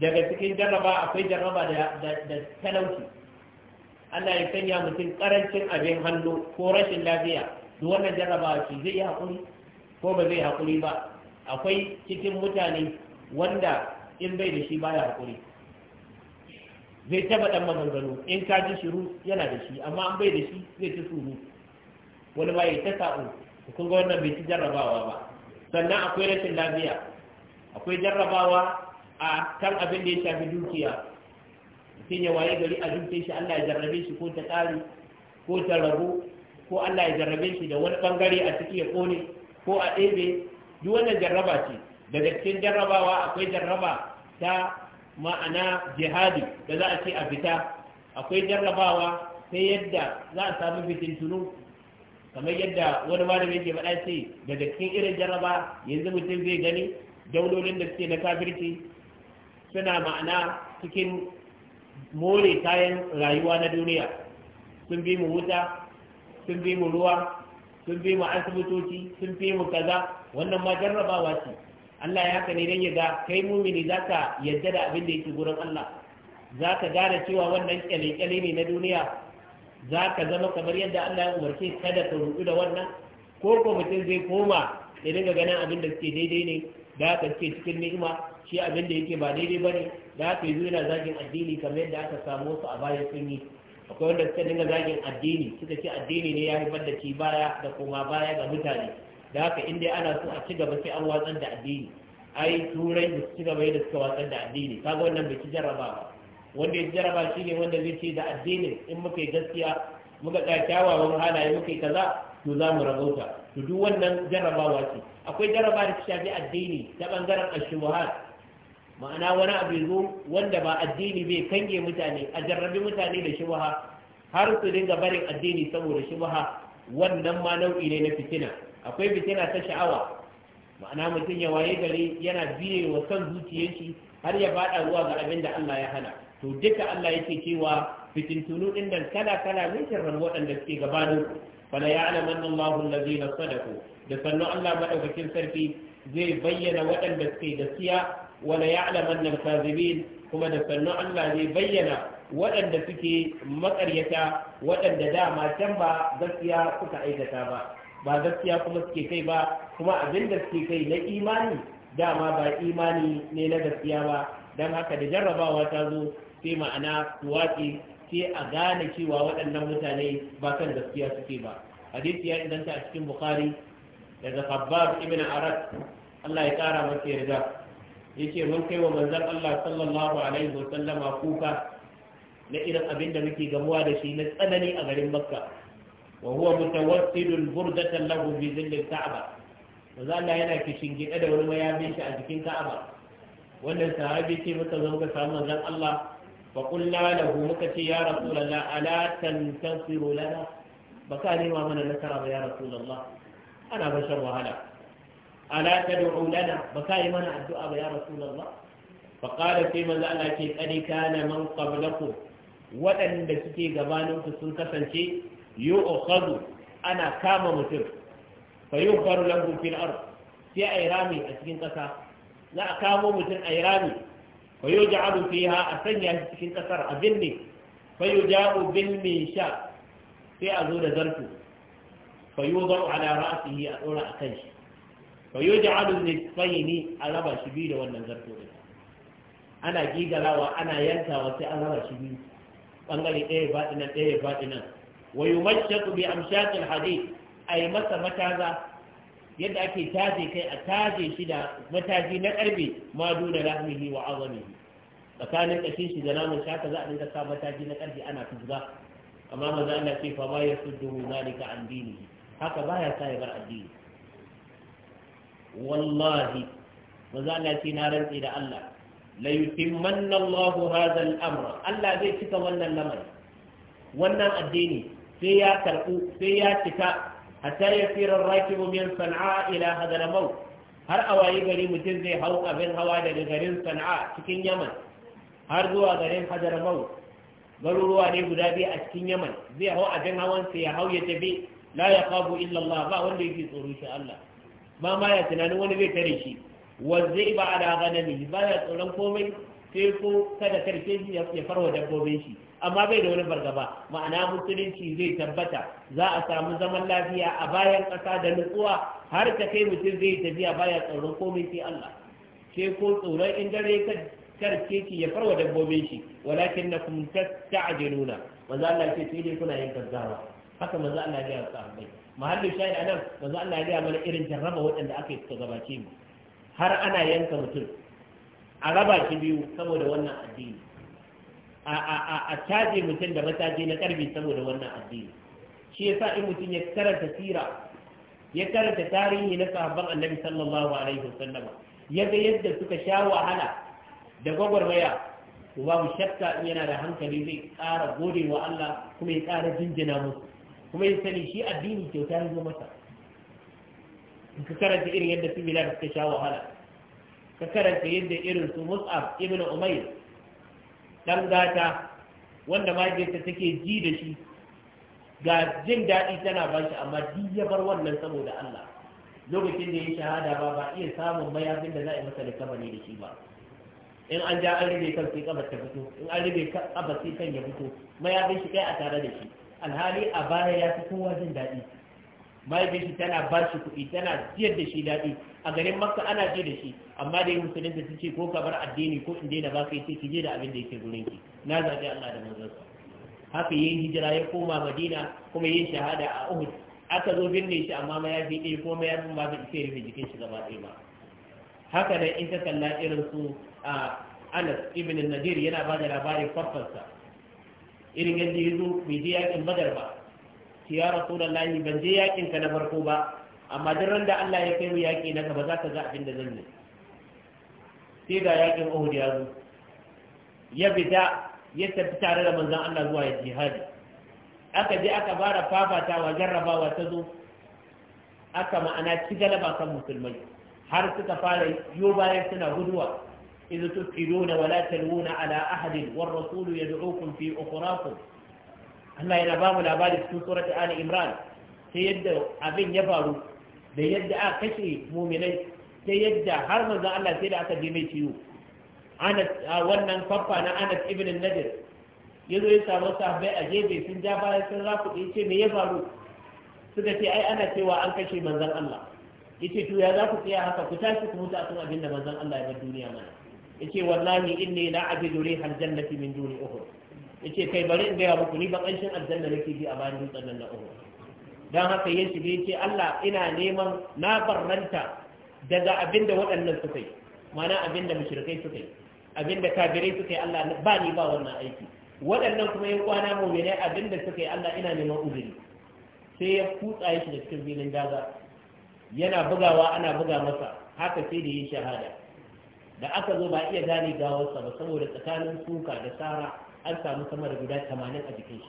daga cikin jarraba akwai jarraba da talauci Allah ya sanya mutum karancin abin hannu ko rashin lafiya duk wannan jarrabawa shi zai yi haƙuri ko ba zai haƙuri ba akwai cikin mutane wanda in bai da shi baya haƙuri zai taba ɗan maganganu in ka ji shiru yana da shi amma an bai da shi zai ci suru wani ba ya ta sa'o kun ga wannan bai ci jarrabawa ba sannan akwai rashin lafiya akwai jarrabawa a kan abin da ya shafi dukiya mutum ya waye gari a dukiyar shi Allah ya jarrabe shi ko ta ƙare ko ta rabu ko Allah ya jarrabe shi da wani bangare a ciki ya kone ko a ɗebe duk wannan jarraba ce daga cikin jarrabawa akwai jarraba ta ma'ana jihadi da za a ce a fita akwai jarrabawa ta yadda za a samu tunu kamar yadda wani malami yake faɗa ce daga cikin irin jarraba yanzu mutum zai gani daulolin da suke na kafirci suna ma'ana cikin more kayan rayuwa na duniya sun bi mu wuta sun fi mu ruwa sun fi mu asibitoci sun fi mu kaza wannan ma jarrabawa ce Allah ya haka ne dan ya ga kai mumini zaka yadda da abin da yake gurin Allah zaka gane cewa wannan kyale-kyale ne na duniya zaka zama kamar yadda Allah ya umarce kada ka rubu da wannan ko ko mutum zai koma ya dinga ganin abin da suke daidai ne da ka suke cikin ni'ima shi abin da yake ba daidai bane da haka yi yana zagin addini kamar yadda aka samu su a bayan sun yi akwai wanda suka dinga zagin addini suka ce addini ne ya haifar da ci baya da koma baya ga mutane da haka in dai ana so a ci gaba sai an watsar da addini ai turai da su ci gaba yadda suka watsar da addini kaga wannan bai ci jaraba ba. wanda ya ci shi ne wanda zai ce da addinin in muka yi gaskiya muka ga kyawawan halaye muka yi kaza to za mu rabauta to duk wannan jarabawa ce akwai jarraba da ta shafi addini ta bangaren ashubuhat ma'ana wani abu zo wanda ba addini bai kange mutane a jarrabi mutane da shubha har su dinga barin addini saboda shubha wannan ma nau'i ne na fitina akwai fitina ta sha'awa ma'ana mutum ya waye gare yana biye wa son zuciyar shi har ya faɗa zuwa ga abin da Allah ya hana to duka Allah yake cewa fitintunu din nan kala kala ne sharran waɗanda suke gabanu fala ya'lamu Allahu allazina sadaqu da sannu Allah madaukakin sarki zai bayyana waɗanda suke gaskiya wala ya alamanna kazibin kuma da sannu Allah zai bayyana waɗanda suke makaryata waɗanda dama can ba gaskiya suka aikata ba ba gaskiya kuma suke kai ba kuma abin da suke kai na imani dama ba imani ne na gaskiya ba don haka da jarrabawa ta zo sai ma'ana watsi sai a gane cewa waɗannan mutane ba kan gaskiya suke ba hadisi ya inganta a cikin bukhari daga khabbab ibn arad Allah ya kara masa yarda yake mun kai wa manzan Allah sallallahu alaihi wa sallama kuka na irin abin da muke gamuwa da shi na tsanani a garin Makka wa huwa mutawassidul burdatan lahu bi zillil Ka'aba manzo Allah yana kishin gida da wani mayafin shi a jikin Ka'aba wannan sahabi ce muka zo muka samu manzon Allah فقلنا muka ce ya رسول الله ألا تنتصر لنا بكاني ومن نكر يا رسول الله Ana بشر wahala. ala ta tad'u lana ba ka yi mana addu'a ba ya rasulullah fa qala sai manzo Allah ce qad kana man qablakum waɗanda suke gabanin ku sun kasance yu'khadhu ana kama mutum fa yughfaru lahu fil ard sai ai rami a cikin ƙasa za a kamo mutum a yi rami fa yuj'alu fiha a sanya shi cikin ƙasar a binne fa yuj'alu bil sha. sai a zo da zartu fa yudau ala ra'sihi a ɗora a kan shi fa ne nisfaini a raba shi biyu da wannan zarto ta. ana gigalawa ana yankawa sai an raba shi biyu bangare ɗaya faɗi nan ɗaya faɗi nan wa yumashshaqu bi amshaqil a yi masa mataza yadda ake taje kai a taje shi da mataji na karbe ma duna rahmihi wa azamihi tsakanin kashin shi da namun shaka za a dinga sa mataji na karfe ana fuzga amma maza Allah ce fa ba ya suddu zalika an dini haka baya sa ya bar addini wallahi maza na ce na rantse da Allah la yutimmanna Allahu hadha al-amra Allah zai cika wannan lamari wannan addini sai ya karbu sai ya cika hatta yasira ar-rakibu min sana'a ila hadha al-maut har a gari mutum zai hau abin hawa daga garin sana'a cikin yaman har zuwa garin hadar maut garuruwa ne guda biyu a cikin yaman zai hau abin hawansa ya hau ya tafi la ya kabu illallah ba wanda yake tsoro shi Allah ba ma ya tunanin wani zai tare shi zai ba ala ganami ba ya tsoron komai sai ko kada karshe shi ya farwa dabbobin shi amma bai da wani bargaba ma'ana musulunci zai tabbata za a samu zaman lafiya a bayan ƙasa da nutsuwa har ta kai mutum zai tafiya baya tsoron komai sai Allah sai ko tsoron in dare ka karke ya farwa dabbobin shi walakin na kuma ta nuna. manzo Allah ya ce sai dai kuna yin gaggawa haka manzo Allah ya a bai. mahallin shahid anan manzo Allah ya gaya mana irin jarraba waɗanda aka yi suka gabace mu har ana yanka mutum a raba shi biyu saboda wannan addini a caje mutum da mataje na karbi saboda wannan addini shi yasa in mutum ya karanta sira ya karanta tarihi na sahabban annabi sallallahu alaihi wasallama ya ga yadda suka sha wahala da gwagwarmaya to babu shakka in yana da hankali zai ƙara gode wa Allah kuma ya ƙara jinjina musu kuma ya sani shi addini kyauta ya zo masa in ka karanta irin yadda su bilal suka sha wahala ka karanta yadda irin su mus'ab ibn umair dan gata wanda majiyarta take ji da shi ga jin daɗi tana ba shi amma ji ya bar wannan saboda Allah lokacin da ya shahada ba ba iya samun mayafin da za a yi masa da ne da shi ba in an ja an rube kan sai kabar ta fito in an rube kan sai kan ya fito mayafin shi kai a tare da shi alhali a baya ya fi kowa jin daɗi mahaifin tana ba shi kuɗi tana siyar da shi daɗi a garin makka ana je da shi amma dai da su ce ko ka bar addini ko in daina baka yace ki je da abin da yake gurin ki na zaɓi Allah da manzonsa haka yayin hijira ya koma Madina kuma yin shahada a Uhud aka zo binne shi amma ma ya fi ɗaya ko ma ya fi ba fere rufe jikin shi gaba ɗaya ba haka da in ka kalla irin su a Anas ibn Nadir yana ba da labarin farfarsa irin yadda ya zo bai je yakin badar ba ki ya rasulullahi ban je yakin ka na farko ba amma duk ran da Allah ya kai mu yaki na gaba za ka ga abin da zan yi sai ga yakin Uhud ya zo ya fita ya tafi tare da manzon Allah zuwa ya jihadi aka je aka fara fafatawa jarrabawa ta zo aka ma'ana ci galaba kan musulmai har suka fara yo bayan suna guduwa إذ تفقدون ولا تلوون على أحد والرسول يدعوكم في أخراكم Allah yana ba mu labari cikin Ali Imran ta yadda abin ya faru da yadda aka kashe muminai ta yadda har manzon Allah sai da aka je wannan faffa na Anas ibn Nadir yazo ya samu sahabbai a gefe sun ja baya sun rafu ce me ya faru suka ce ai ana cewa an kashe manzan Allah ya ce ya za ku tsaya haka ku tashi ku mutu akan abin da Allah ya bar duniya mana yace wallahi inni la ajidu rihal jannati min duni uhud yace kai bari in gaya muku ni ba kanshin aljanna nake ji a bayan dutsen nan na uhud dan haka ya shiga yace Allah ina neman na barranta daga abinda waɗannan suka yi mana abinda mushrikai suka yi abinda kafirai suka yi Allah ba ni ba wannan aiki waɗannan kuma yan kwana mu'minai abinda suka yi Allah ina neman uzuri sai ya kutsa ya shiga cikin filin daga yana bugawa ana buga masa haka sai da yin shahada da aka zo ba iya gane gawarsa ba saboda tsakanin suka da tsara an samu sama da guda tamanin a jikin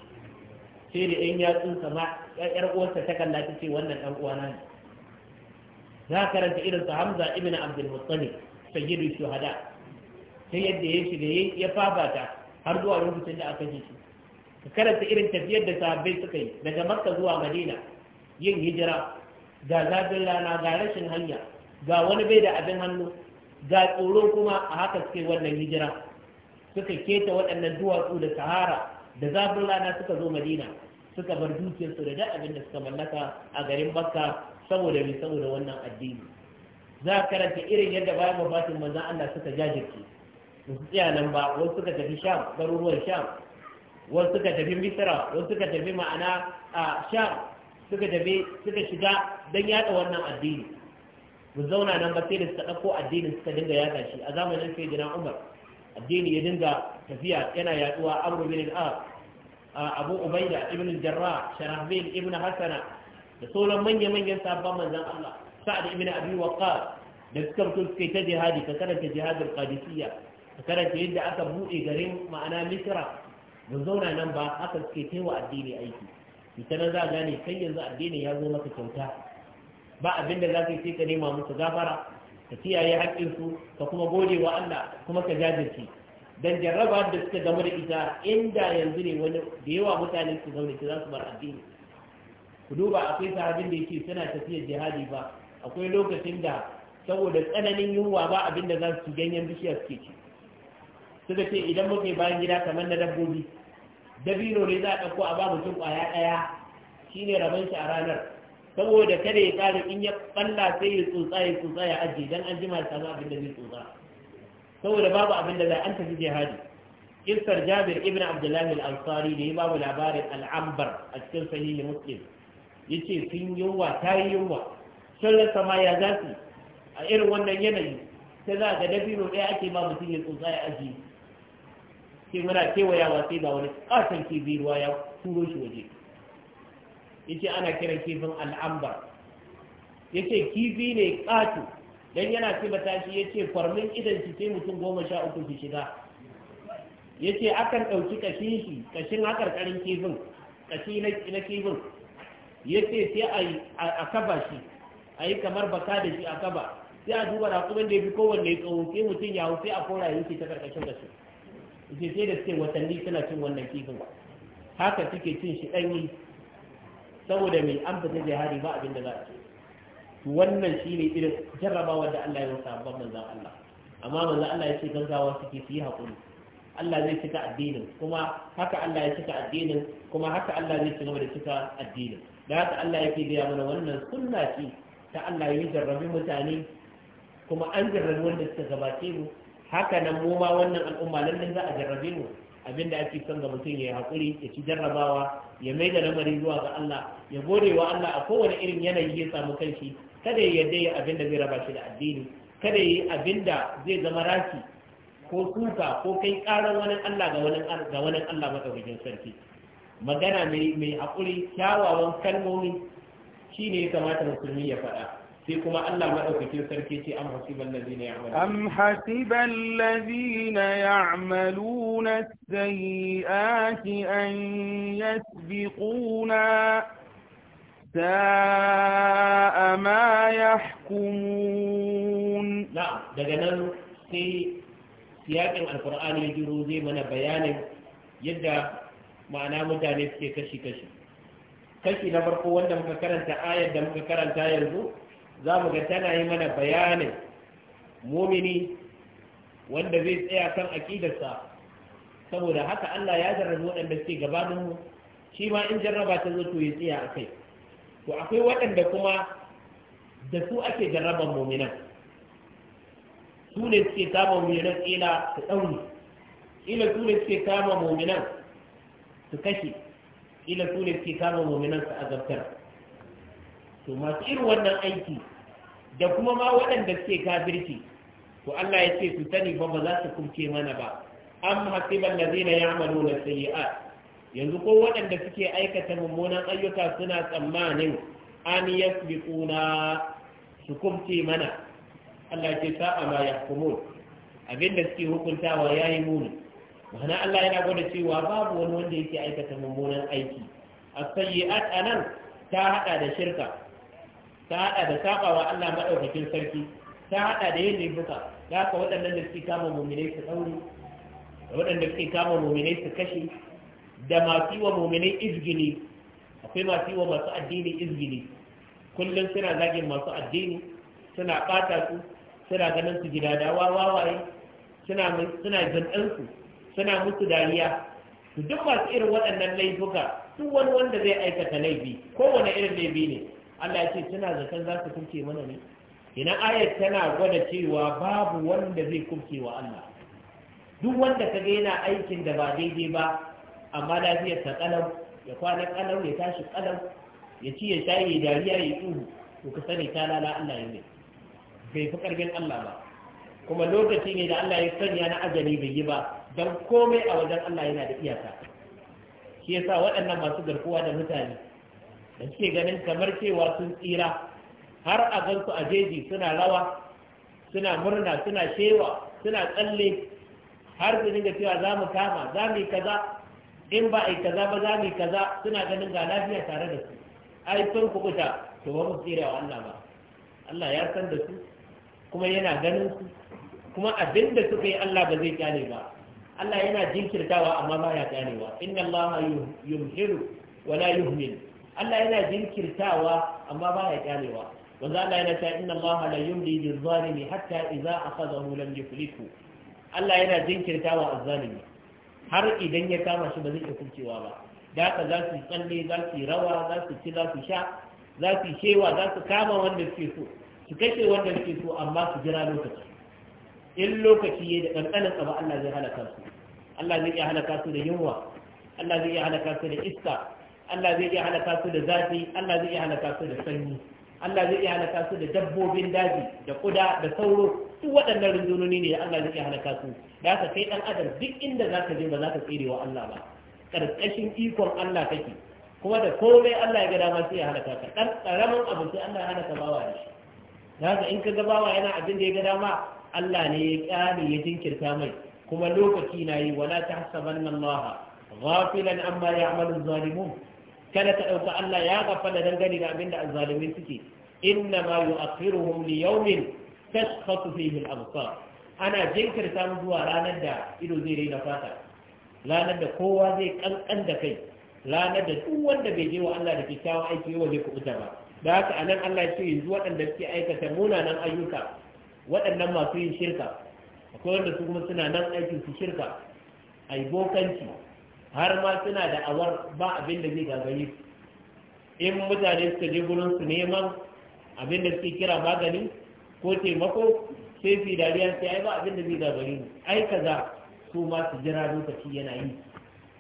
shi sai da yan yatsun sama yar uwarsa ta kalla ta ce wannan dan uwana ne za ka karanta irin sa Hamza ibn Abdul Muttalib sayyidu shuhada sai yadda ya shiga ya fafata har zuwa lokacin da aka ji shi ka karanta irin tafiyar da sahabbai suka yi daga Makka zuwa Madina yin hijira ga zafin rana ga rashin hanya ga wani bai da abin hannu ga tsoro kuma a haka suke wannan hijira suka keta waɗannan duwatsu da sahara da zafin rana suka zo madina suka bar dukiyarsu da da abin da suka mallaka a garin Bakka saboda mai saboda wannan addini za a karanta irin yadda bayan mafatin manzan allah suka jajirce ba su tsaya nan ba wasu suka tafi sham garuruwan sham wasu suka tafi misra wasu suka tafi ma'ana a sham suka tafi suka shiga don yada wannan addini mu zauna nan ba sai da suka ɗauko addinin suka dinga yaɗa shi a zamanin sai jina umar addini ya dinga tafiya yana yaɗuwa abu bin al abu ubaida ibn jarra sharahbil ibn hasana da sauran manya-manyan sabon manzan allah sa'ad ibn abi waqqas da suka fito suka yi ta jihadi ka karanta jihadin qadisiyya ka karanta yadda aka buɗe garin ma'ana misra mu zauna nan ba haka suke taiwa addini aiki ita nan za a gane kai yanzu addini ya zo maka kyauta ba abin da za ka yi sai ka nema musu gafara ka kiyaye haƙƙinsu ka kuma gode wa Allah kuma ka jajirce dan jarraba da suka gama da ita inda yanzu ne wani da yawa mutane su zaune su za su bar addini ku duba akwai sahabin da yake suna tafiyar jihadi ba akwai lokacin da saboda tsananin yunwa ba abin da za su ganyen bishiya suke ci suka ce idan muka yi bayan gida kamar na dabbobi dabino ne za a ɗauko a ba mutum ƙwaya ɗaya shine rabon shi a ranar saboda kada ya kare in ya balla sai ya tsotsa ya tsotsa ya aje dan an jima ya samu abin da zai tsotsa saboda babu abin da za an tafi jihadi kisar jabir ibn abdullahi al-ansari da ya babu labarin al'ambar a cikin sahihi muslim yace sun yunwa ta yi yunwa sun rasa ma ya za su a irin wannan yanayi ta za ga dabino ɗaya ake ba mutum ya tsotsa ya aje sai muna kewayawa sai ga wani ƙasan kibiruwa ya turo shi waje yace ana kiran kifin al'ambar yace kifi ne katu dan yana kimata shi yace farmin idan shi sai mutum goma sha uku ki shiga yace akan ɗauki kashin shi kashin karin kifin kashi na kifin yace sai a kaba shi a kamar baka da shi a kaba sai a duba raƙumin da ya kowanne tsawo sai mutum ya hau sai a kora yanki ta karkashin da su ce sai da suke watanni suna cin wannan kifin haka suke cin shi yi. saboda mai an fita jihadi ba abin da za a ce wannan shi ne irin jarrabawar da Allah ya wasu abban manzan Allah amma manzan Allah ya ce gaggawa suke su yi haƙuri Allah zai cika addinin kuma haka Allah ya cika addinin kuma haka Allah zai cigaba da cika addinin da haka Allah yake gaya mana wannan sunna ce ta Allah ya jarrabi mutane kuma an jarrabi wanda suka gabace mu haka nan mu ma wannan al'umma lallai za a jarrabe mu abin da ake son ga mutum ya yi haƙuri ya ci jarrabawa ya mai da lamari zuwa ga Allah ya gode wa Allah a kowane irin yanayi ya samu kanshi kada ya yarda ya abin da zai raba shi da addini kada ya yi abin da zai zama raki ko kuka ko kai ƙarar wani Allah ga wani Allah maɗaukakin sarki magana mai haƙuri kyawawan kalmomi shine ya kamata musulmi ya faɗa sai kuma Allah maɗaukakin sarki ce am hasiban ya ya'maluna An hasiban ladina ya'maluna ake an yasbiquna sa'a ma yahkumun na daga nan sai siyakin alqur'ani ya jiro zai mana bayanin yadda ma'ana mutane suke kashi kashi kashi na farko wanda muka karanta ayar da muka karanta yanzu za mu ga tana yi mana bayanin mumini wanda zai tsaya kan aƙidarsa saboda haka Allah ya jarrabu waɗanda suke mu, shi ma in jarraba ta zo to ya tsaya a kai to akwai waɗanda kuma da su ake jarraban muminan su ne suke kama muminan tsela su ɗauri ƙila su ne suke kama muminan su kashe ƙila su ne suke kama muminan su azabtar to masu irin wannan aiki da kuma ma waɗanda suke kafirci to Allah ya ce su sani ba ba za su kumce mana ba am hasiban ladina na sayyi'at yanzu ko waɗanda suke aikata mummunan ayyuka suna tsammanin an yasbiquna su kumce mana Allah ya ce sa'a ma yahkumun abinda suke hukuntawa yayi muni ma'ana Allah yana gwada cewa babu wani wanda yake aikata mummunan aiki as-sayyi'at anan ta hada da shirka ta hada da sabawa Allah madaukakin sarki ta hada da yin buka. da ka waɗannan da suke kama muminai su ɗauri da waɗanda suke kama muminai su kashe da masu yi wa muminai izgini akwai masu yi wa masu addini izgini kullum suna zagin masu addini suna ɓata su suna ganin su gidadawa wawaye suna jin su suna musu dariya duk masu irin waɗannan laifuka duk wani wanda zai aikata laifi kowane irin laifi ne Allah ya ce tana zaton za su kuke mana ne ina ayat tana gwada cewa babu wanda zai kuke wa Allah duk wanda kaga yana aikin da ba daidai ba amma lafiyar ta kalau ya kwana kalau ya tashi kalau ya ci ya shayi ya dariya ya tsuhu to ka sani ta lala Allah ya ne bai fi karfin Allah ba kuma lokaci ne da Allah ya sanya na ajali bai yi ba dan komai a wajen Allah yana da iyaka shi yasa waɗannan masu garkuwa da mutane da suke ganin kamar cewa sun tsira har a gansu a jeji suna rawa suna murna suna shewa suna tsalle har su dinga cewa za mu kama za mu yi kaza in ba a yi kaza ba za mu yi kaza suna ganin ga lafiya tare da su ai sun kubuta to ba mu tsira wa Allah ba Allah ya san da su kuma yana ganin su kuma abin da suka yi Allah ba zai kyale ba Allah yana jinkirtawa amma ba ya ba. inna Allah yumhiru wala yuhmil Allah yana jinkirtawa amma ba ya kyalewa wanda Allah yana ta inna Allah la yumli lil zalimi hatta idza akhadahu lam yufliku Allah yana jinkirtawa azzalimi har idan ya kama shi ba zai kuncewa ba da haka za su tsalle za su rawa za su ci za su sha za su shewa za su kama wanda suke so su kashe wanda suke so amma su jira lokaci in lokaci ya da ƙanƙanin tsaba Allah zai halaka su Allah zai iya halaka su da yunwa Allah zai iya halaka su da iska Allah zai iya halaka su da zafi Allah zai iya halaka su da sanyi Allah zai iya halaka su da dabbobin daji da kuda da sauro su waɗannan rundunoni ne da Allah zai iya halaka su da haka kai dan adam duk inda zaka je ba zaka tsire wa Allah ba karkashin ikon Allah kake kuma da komai Allah ya ga dama sai ya halaka ka dan karamin abu sai Allah ya halaka bawa da shi da haka in ka ga bawa yana abin da ya ga dama Allah ne ya kyale ya jinkirta mai kuma lokaci na yi wala tahsabanna Allah ghafilan amma ya'malu zalimun kada ta ɗauka Allah ya gafala dangane da abin da azzalumi suke inna ma yu'akhiruhum li yawmin tashkhatu fihi al-absar ana jinkirta mu zuwa ranar da ido zai raina fata ranar da kowa zai kankan da kai ranar da duk wanda bai je wa Allah da kyakkyawan aiki yau zai kubuta ba da haka anan Allah ya ce yanzu waɗanda suke aikata munanan ayyuka waɗannan masu yin shirka akwai wanda su kuma suna nan aikin su shirka ai bokanci har ma suna da awar ba abin da zai gagari in mutane suka je gurin su neman abin da suke kira magani ko taimako sai fi dariya sai ai ba abin da zai gagari ai kaza su ma su jira lokaci yana yi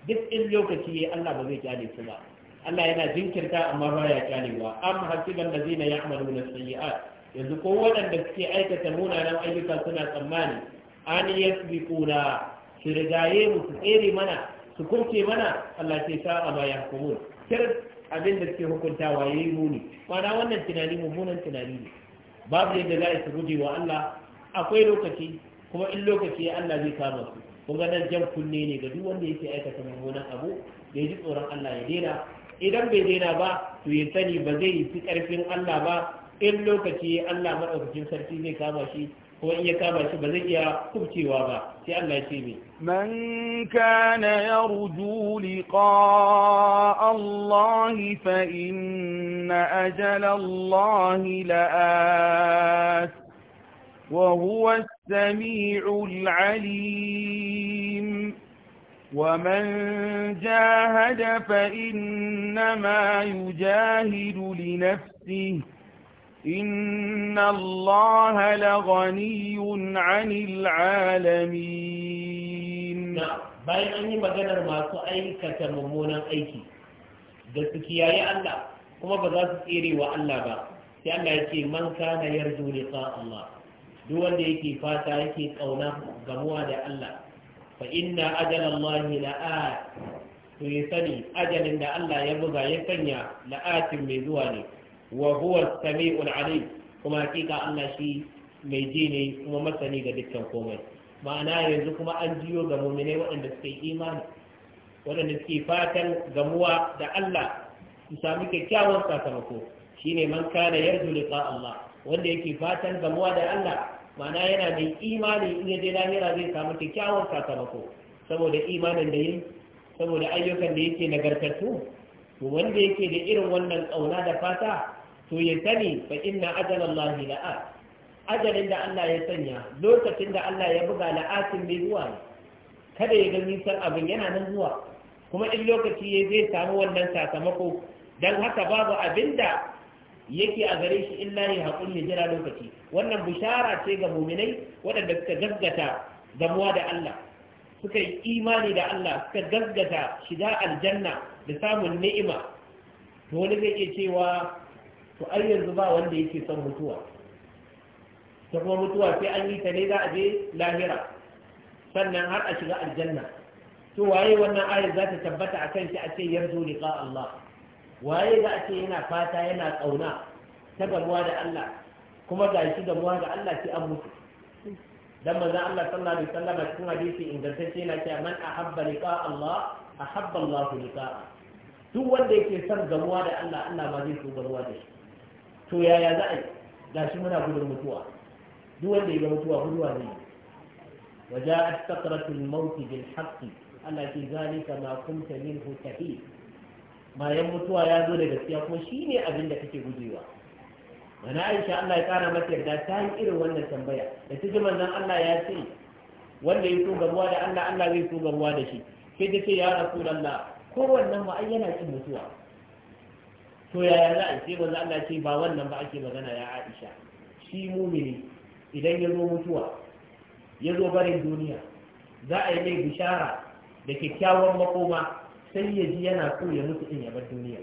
duk in lokaci ya Allah ba zai kyale su ba Allah yana jinkirta amma ba ya kyalewa am hasiban allazina ya'maluna sayyi'at yanzu ko waɗanda suke aikata munanan ayyuka suna tsammani an yasbiquna su rigaye mu su tsere mana su kurce mana Allah ke sa a bayan kuma kir abin da suke hukuntawa yayi muni mana wannan tunani mummunan tunani ne babu yadda za su guje wa Allah akwai lokaci kuma in lokaci ya Allah zai kama su kun ga nan jan kunne ne ga duk wanda yake aikata mummunan abu da ya ji tsoron Allah ya daina idan bai daina ba to ya sani ba zai fi karfin Allah ba in lokaci Allah madaukakin sarki zai kama shi من كان يرجو لقاء الله فإن أجل الله لآت وهو السميع العليم ومن جاهد فإنما يجاهد لنفسه إن الله لغني عن العالمين bayan an yi maganar masu aikata mummunan aiki da su kiyaye Allah kuma ba za su tsere wa Allah ba sai Allah ya ce man kana yarju liqa Allah duk wanda yake fata yake kauna gamuwa da Allah fa inna ajalallahi la'at to suyi sani ajalin da Allah ya buga ya sanya la'atin mai zuwa ne wa huwa samiul alim kuma hakika Allah shi mai ji ne kuma masani ga dukkan komai ma'ana yanzu kuma an jiyo ga mu'mine waɗanda suke imani waɗanda suke fatan gamuwa da Allah su sami kyakkyawan sakamako shine man kana yarju liqa Allah wanda yake fatan gamuwa da Allah ma'ana yana da imani in ya je lahira zai samu kyakkyawan sakamako saboda imanin da yi saboda ayyukan da yake nagartattu wanda yake da irin wannan ƙauna da fata to ya sani fa inna ajalallahi la'at ajalin da Allah ya sanya lokacin da Allah ya buga la'atin mai zuwa ne kada ya ga nisan abin yana nan zuwa kuma in lokaci ya zai samu wannan sakamako don haka babu abinda yake a gare shi illa ya haƙun ya jira lokaci wannan bishara ce ga muminai waɗanda suka gaggata zamuwa da Allah suka yi imani da Allah suka gaggata shiga aljanna da samun ni'ima to wani zai iya cewa to ai yanzu ba wanda yake son mutuwa ta kuma mutuwa sai an yi ta ne za a je lahira sannan har a shiga aljanna to waye wannan ayar za ta tabbata a kan shi a ce yanzu liqa Allah waye za a ce yana fata yana kauna ta gamuwa da Allah kuma ga shi gamuwa da Allah sai an mutu dan manzon Allah sallallahu alaihi wasallam cikin hadisi ingantacce yana cewa man ahabba liqa Allah ahabba Allah liqa duk wanda yake son gamuwa da Allah Allah ma zai so gamuwa da shi to yaya za a ga shi muna gudun mutuwa duk wanda ya ga mutuwa guduwa ne وجاءت سكرة الموت بالحق التي ذلك ما كنت منه تحيد bayan mutuwa ya zo da gaskiya kuma shi ne abin da kake gujewa mana aisha Allah ya kara mata yarda ta yi irin wannan tambaya da ta ji manzon Allah ya ce wanda ya so ruwa da Allah Allah zai so ruwa da shi sai ta ce ya rasulullah ko wannan ma yana cin mutuwa to yaya za a ce manzo Allah ce ba wannan ba ake magana ya Aisha shi mumini idan ya zo mutuwa ya zo barin duniya za a yi mai bishara da kyakkyawan makoma sai ya ji yana so ya mutu in ya bar duniya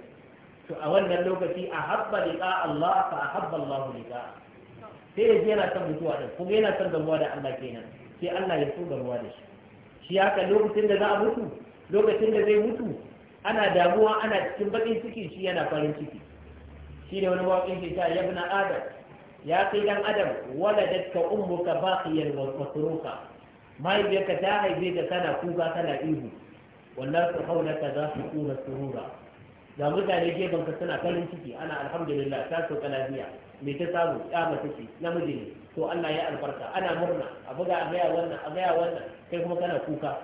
to a wannan lokaci a habba liqa Allah fa ahabba Allah liqa sai ya ji yana son mutuwa da kuma yana son gamuwa da Allah kenan sai Allah ya so gamuwa da shi shi haka lokacin da za a mutu lokacin da zai mutu ana damuwa ana cikin baƙin ciki shi yana farin ciki shi ne wani waƙin ke ta na adam ya kai dan adam da ka ummuka baqiyan wa masruka mahaifiyarka ta haife ka kana kuka kana ihu Wannan su ka za su kura surura ga mutane gefen ka suna farin ciki ana alhamdulillah ta so lafiya me ta samu ya mace ce namiji ne to Allah ya albarka ana murna a buga a gaya wannan a gaya wannan kai kuma kana kuka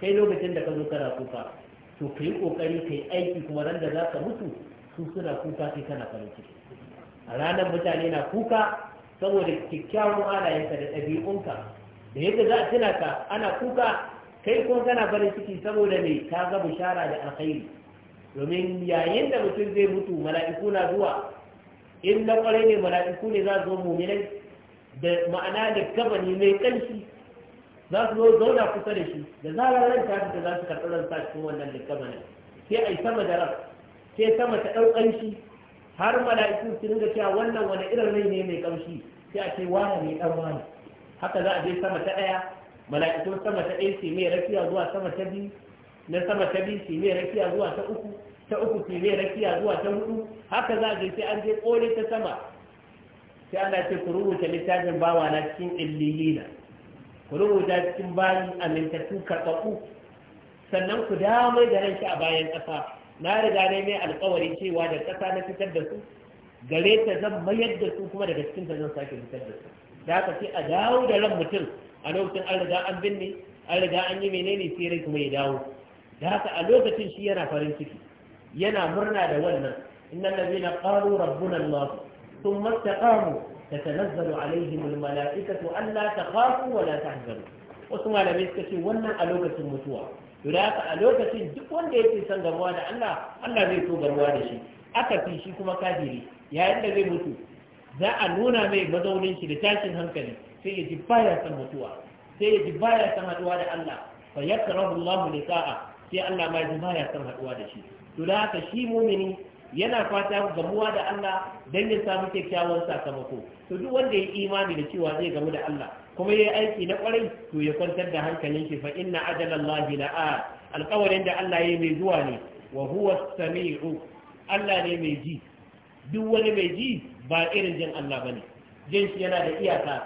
kai lokacin da ka zo kana kuka to ka yi kokari ka yi aiki kuma ran da za ka mutu su suna kuka sai kana farin ciki a ranar mutane na kuka saboda kyakkyawan halayenka da ɗabi'unka da yadda za a tuna ka ana kuka kai kuma kana farin ciki saboda mai ka ga bishara da alkhairi domin yayin da mutum zai mutu mala'iku na zuwa in na kwarai ne mala'iku ne za su zo muminai da ma'ana da gabani mai kanshi za su zo zauna kusa da shi da zarar ran ta da za su karɓi ran sa cikin wannan likabanin sai a yi sama da ran sai sama ta ɗau ƙanshi har mala'iku su ringa cewa wannan wani irin rai ne mai ƙamshi sai a ce wani mai ɗan wani haka za a je sama ta ɗaya mala'ikun sama ta ɗaya su mai rakiya zuwa sama ta biyu na sama ta biyu su mai rakiya zuwa ta uku ta uku su mai rakiya zuwa ta hudu haka za a je sai an je ƙone ta sama sai ana ce ku rubuta littafin bawa na cikin illilina ku rubuta cikin bayi amintattu karɓaɓɓu sannan ku damar da ranki a bayan ƙasa na riga ne mai alƙawarin cewa da ƙasa na fitar da su gare ta zan mayar da su kuma daga cikin zan sake fitar da su da haka sai a dawo da ran mutum a lokacin an riga an binne an riga an yi menene sai rai kuma ya dawo da haka a lokacin shi yana farin ciki yana murna da wannan innal ladina qalu rabbuna allah thumma istaqamu tatanazzalu alaihim almala'ikatu alla takhafu wa la tahzanu wasu malamai suka ce wannan a lokacin mutuwa to haka a lokacin duk wanda yake son gamuwa da Allah Allah zai so gamuwa da shi aka shi kuma kafiri yayin da zai mutu za a nuna mai mazaunin shi da tashin hankali sai ya ji baya son mutuwa sai ya ji baya son haduwa da Allah fa yakrahu Allah sa'a, sai Allah ma ji baya son haduwa da shi to haka shi mumini yana fata gamuwa da Allah dan ya samu kyakkyawan sakamako to duk wanda ya imani da cewa zai gamu da Allah kuma yayi aiki na kwarai to ya kwantar da hankalin shi fa inna ajalallahi a alƙawarin da Allah yayi mai zuwa ne wa huwa samiu Allah ne mai ji duk wani mai ji ba irin jin Allah bane jin shi yana da iyaka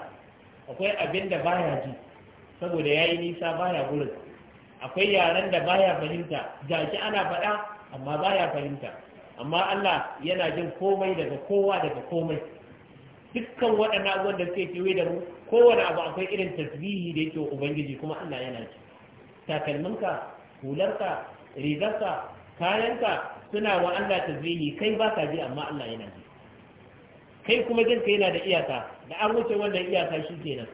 akwai abin da baya ji saboda yayi nisa baya gurin akwai yaren da baya fahimta gashi ana faɗa amma baya fahimta amma Allah yana jin komai daga kowa daga komai dukkan waɗannan abubuwan da suke kewaye da mu kowane abu akwai irin tasbihi da yake ubangiji kuma Allah yana ji takalminka hularka rigarka kayanka suna wa Allah tasbihi kai ba ka ji amma Allah yana ji kai kuma jinka yana da iyaka da an wuce wannan iyaka shi kenan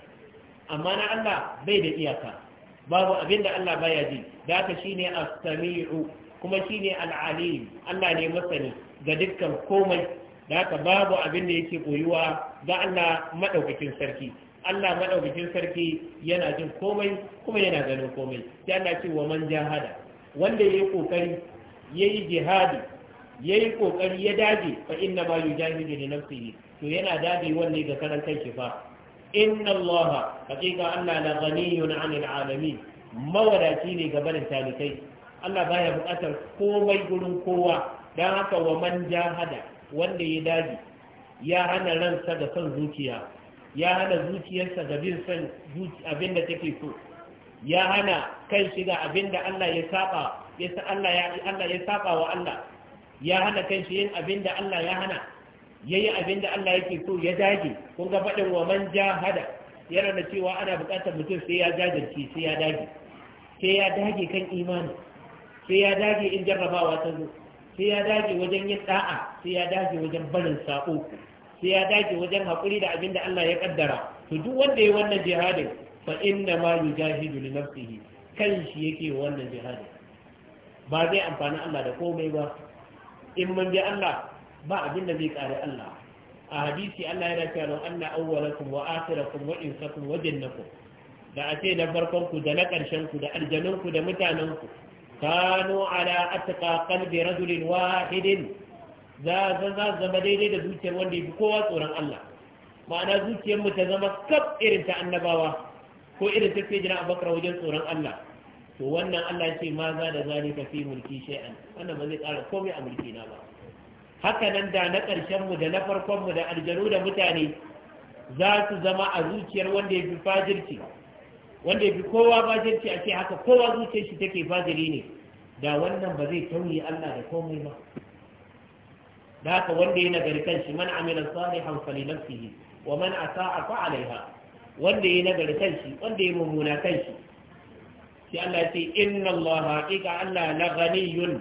amma na Allah bai da iyaka babu abin da Allah baya ji da haka shine as-sami'u kuma shine ne alim Allah ne masani ga dukkan komai da haka babu abin da yake koyuwa ga Allah maɗaukakin sarki Allah maɗaukakin sarki yana jin komai kuma yana ganin komai sai Allah ce wa man jahada wanda yayi kokari yayi jihadi yayi kokari ya dage fa inna ma yujahidu li nafsihi to yana dage wanne ga karan kanshi fa inna Allah haqiqa Allah la ghaniyun 'anil 'alamin mawadaci ne ga barin talikai Allah baya buƙatar komai gurin kowa don haka wa man jahada wanda ya daji ya hana ransa da son zuciya ya hana zuciyarsa da bin son abin da take so ya hana kan shiga abin da Allah ya saba yasa Allah ya Allah ya saba wa Allah ya hana kan shi yin abin da Allah ya hana yayi abin da Allah yake so ya dage kun ga faɗin wa man jahada yana da cewa ana buƙatar mutum sai ya jajirce sai ya dage sai ya dage kan imani sai ya dage in jarrabawa ta zo sai ya dage wajen yin da'a sai ya dage wajen barin sako sai ya dage wajen haƙuri da abinda Allah ya kaddara to duk wanda ya wannan jihadin fa inna ma yujahidu li nafsihi kan shi yake wannan jihadin ba zai amfani Allah da komai ba in mun bi Allah ba abin zai kare Allah a hadisi Allah yana cewa anna awwalakum wa akhirakum wa insakum wa jannakum da a ce na farkon ku da na ƙarshen ku da aljanun ku da mutanen ku kanu ala atqa qalbi rajulin wahidin za za zama daidai da zuciyar wanda yafi kowa tsoron Allah ma'ana zuciyarmu ta zama kaf irin ta annabawa ko irin ta sayyidina Abubakar wajen tsoron Allah to wannan Allah ce ma za da zalika fi mulki shay'an wannan ba zai ƙara komai a mulki na ba Hakanan da na ƙarshen mu da na farkon mu da aljanu da mutane za su zama a zuciyar wanda ya fi fajirci wanda ya fi kowa fajirci a ce haka kowa zuciyar shi take fajiri ne da wannan ba zai tauye Allah da komai ba da haka wanda ya nagari kanshi man amila salihan fali nafsihi wa man asa'a fa alaiha wanda ya nagari kanshi wanda ya mummuna kanshi sai Allah ya ce inna Allah haqiqa Allah la ghaniyun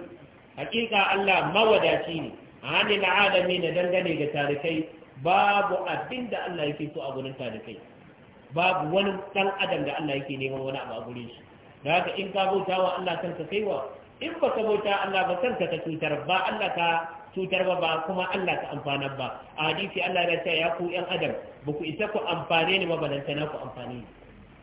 haqiqa Allah mawadaci ne anil alamin dangane ga tarikai babu abinda Allah yake so a gurin tarikai babu wani dan adam da Allah yake neman wani abu a gurin shi da haka in ka bauta wa Allah ka kaiwa in ba ka bauta Allah ba san ka cutar ba Allah ka cutar ba ba kuma Allah ka amfana ba a hadisi Allah ya ce ya ku yan adam ba ku isa ku amfane ni ba balanta na ku amfane ni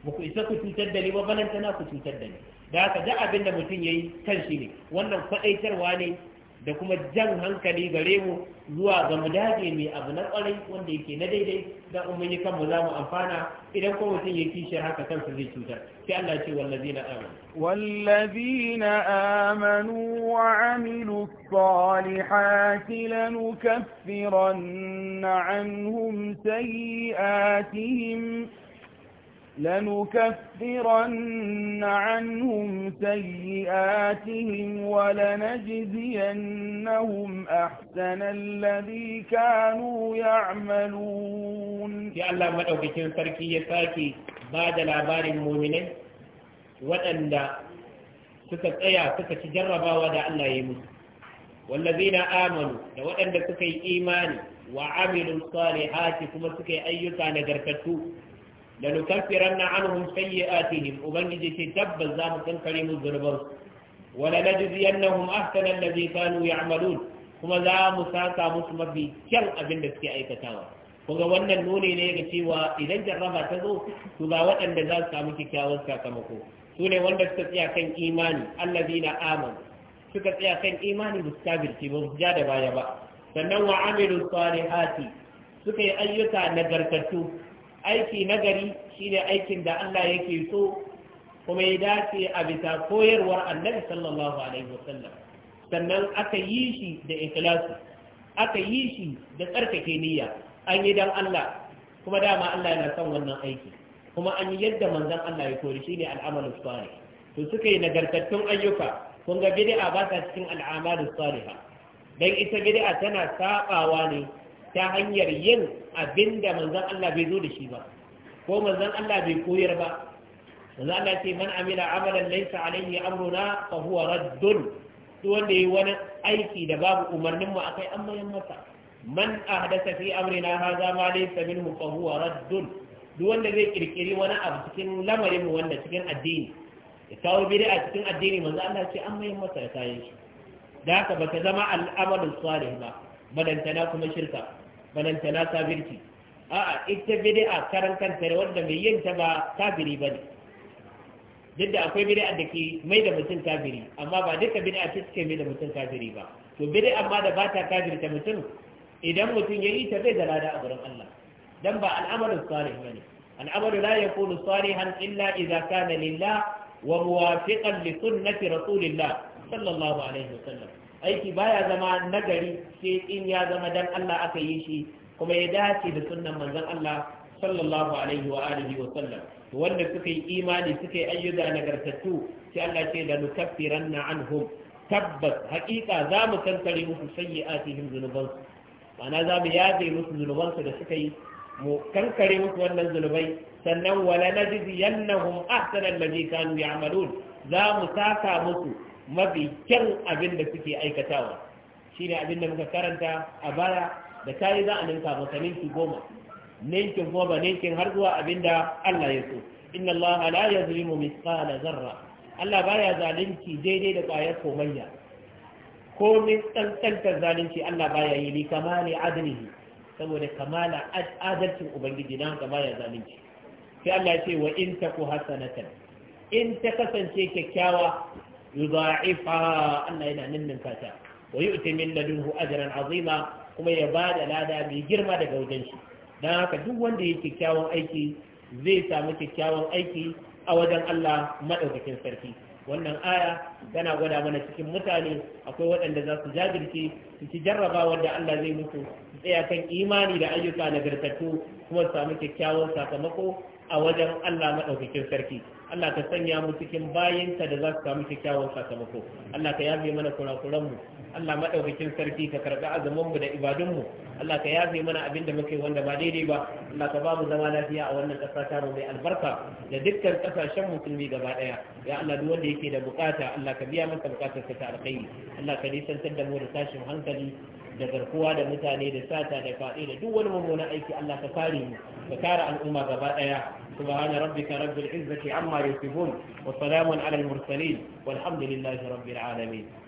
ba ku isa ku cutar da ni ba balanta na ku cutar da ni da haka da abin da mutum yayi kan shi ne wannan faɗaitarwa ne da kuma jan hankali gare mu zuwa ga mu dage mai abu na kwarai wanda yake na daidai da umman yi kanmu za mu amfana idan kuma mutum ya kishi haka kansa zai cutar sai Allah ce wallazina amanu wallazina amanu wa amilu salihati lanukaffiranna anhum sayi'atihim لنكفرن عنهم سيئاتهم ولنجزينهم أحسن الذي كانوا يعملون يا الله ما أوكي تركي يساكي بعد العبار المؤمنين وأن suka tsaya suka ci jarrabawa da Allah ya musu wallazina amanu da waɗanda suka yi imani wa amilus salihati kuma suka yi ayyuka nagartattu da nukaffiran na anhum sayyi'atihim ubangiji ce tabbas za mu kankare mu zurbar wa la najziyannahum ahsana allazi kanu ya'malun kuma za mu saka musu mafi kyan abin da suke aikatawa kuma wannan nuni ne ga cewa idan jarraba ta zo su ga waɗanda za su samu kyakkyawar sakamako su ne wanda suka tsaya kan imani allazi na aman suka tsaya kan imani ba su ba su ja da baya ba sannan wa amilu salihati suka yi ayyuka nagartattu aiki nagari shine aikin da Allah yake so kuma ya dace a bisa koyarwar annabi sallallahu alaihi wasallam sannan aka yi shi da ikhlasu aka yi shi da tsarkake niyya an yi dan Allah kuma dama Allah yana son wannan aiki kuma an yi yadda manzon Allah ya kori shine al'amalu salih to suka yi nagartattun ayyuka kun ga bid'a ba ta cikin al'amalu salihah dan ita bid'a tana sabawa ne ta hanyar yin abin da manzan Allah bai zo da shi ba ko manzan Allah bai koyar ba manzan Allah ce man amila amalan laysa alayhi amruna fa huwa raddun duk wanda yi wani aiki da babu umarnin mu akai an mayan masa man ahdasa fi amrina hadha ma laysa minhu fa huwa raddun duk wanda zai kirkiri wani abu cikin lamarin mu wanda cikin addini ya kawo bid'a cikin addini manzan Allah ce an mayan masa da kayan shi da haka bata zama al'amalin salih ba badantana kuma shirka balantana kafirci a'a ita bid'a karan kanta da wanda mai yin ta ba kafiri duk da akwai bid'a da ke mai da mutum kafiri amma ba duka bid'a a suke mai da mutum kafiri ba to bid'a amma da bata ta mutum idan mutum ya yi ta zai da a gurin Allah dan ba al'amarin salih bane al'amalu la kunu salihan illa idza kana lillah wa muwafiqan li sunnati rasulillah sallallahu alaihi wasallam aiki baya zama nagari sai in ya zama dan Allah aka yi shi kuma ya dace da sunnan manzon Allah sallallahu alaihi wa alihi wa sallam wanda suka yi imani suka yi ayyuka nagartattu sai Allah ce da nukaffiranna anhum tabbas haƙiƙa za mu kankare musu sayyi'atihim zunubansu ma'ana za mu yaje musu su da suka yi mu kankare musu wannan zunubai sannan wala najziyannahum ahsana allazi kanu ya'malun za mu saka musu mafi kyan abin da suke aikatawa shine abin da muka karanta a baya da yi za a ninka maka ninki goma ninkin goma ninkin har zuwa abin da Allah ya so inna Allah la yazlimu mithqala zarra Allah baya zalunci daidai da ƙwayar komayya min tsantsantar zalunci Allah baya yi li kamali adlihi saboda kamala adalcin ubangiji na haka baya zalunci sai Allah ya ce wa in taku hasanatan in ta kasance kyakkyawa aifa Allah yana ninninka ta wa yu'ti min ladunhu ajran azima kuma ya ba da lada mai girma daga wajen shi dan haka duk wanda ya yake kyakkyawan aiki zai samu kyakkyawan aiki a wajen Allah madaukakin sarki wannan aya tana gwada mana cikin mutane akwai waɗanda za su jajirce su ci jarraba wanda Allah zai mutu tsaya kan imani da ayyuka nagartattu kuma su samu kyakkyawan sakamako a wajen Allah maɗaukakin sarki Allah ka sanya mu cikin bayinta da za su samu kyakkyawan sakamako Allah ka yafe mana kurakuran mu Allah maɗaukakin sarki ka karɓi azumin mu da ibadun mu Allah ka yafe mana abin da muke wanda ba daidai ba Allah ka ba mu zama lafiya a wannan ƙasa ta mu mai albarka da dukkan ƙasashen musulmi gaba ɗaya ya Allah duk wanda yake da bukata Allah ka biya masa bukatarsa ta alkhairi Allah ka nisantar da mu da tashin hankali da garkuwa da mutane da sata da faɗi da duk wani mummunan aiki Allah ka kare mu ka kare al'umma gaba ɗaya subhana rabbika rabbil izzati amma yasifun wa salamun alal mursalin walhamdulillahi rabbil alamin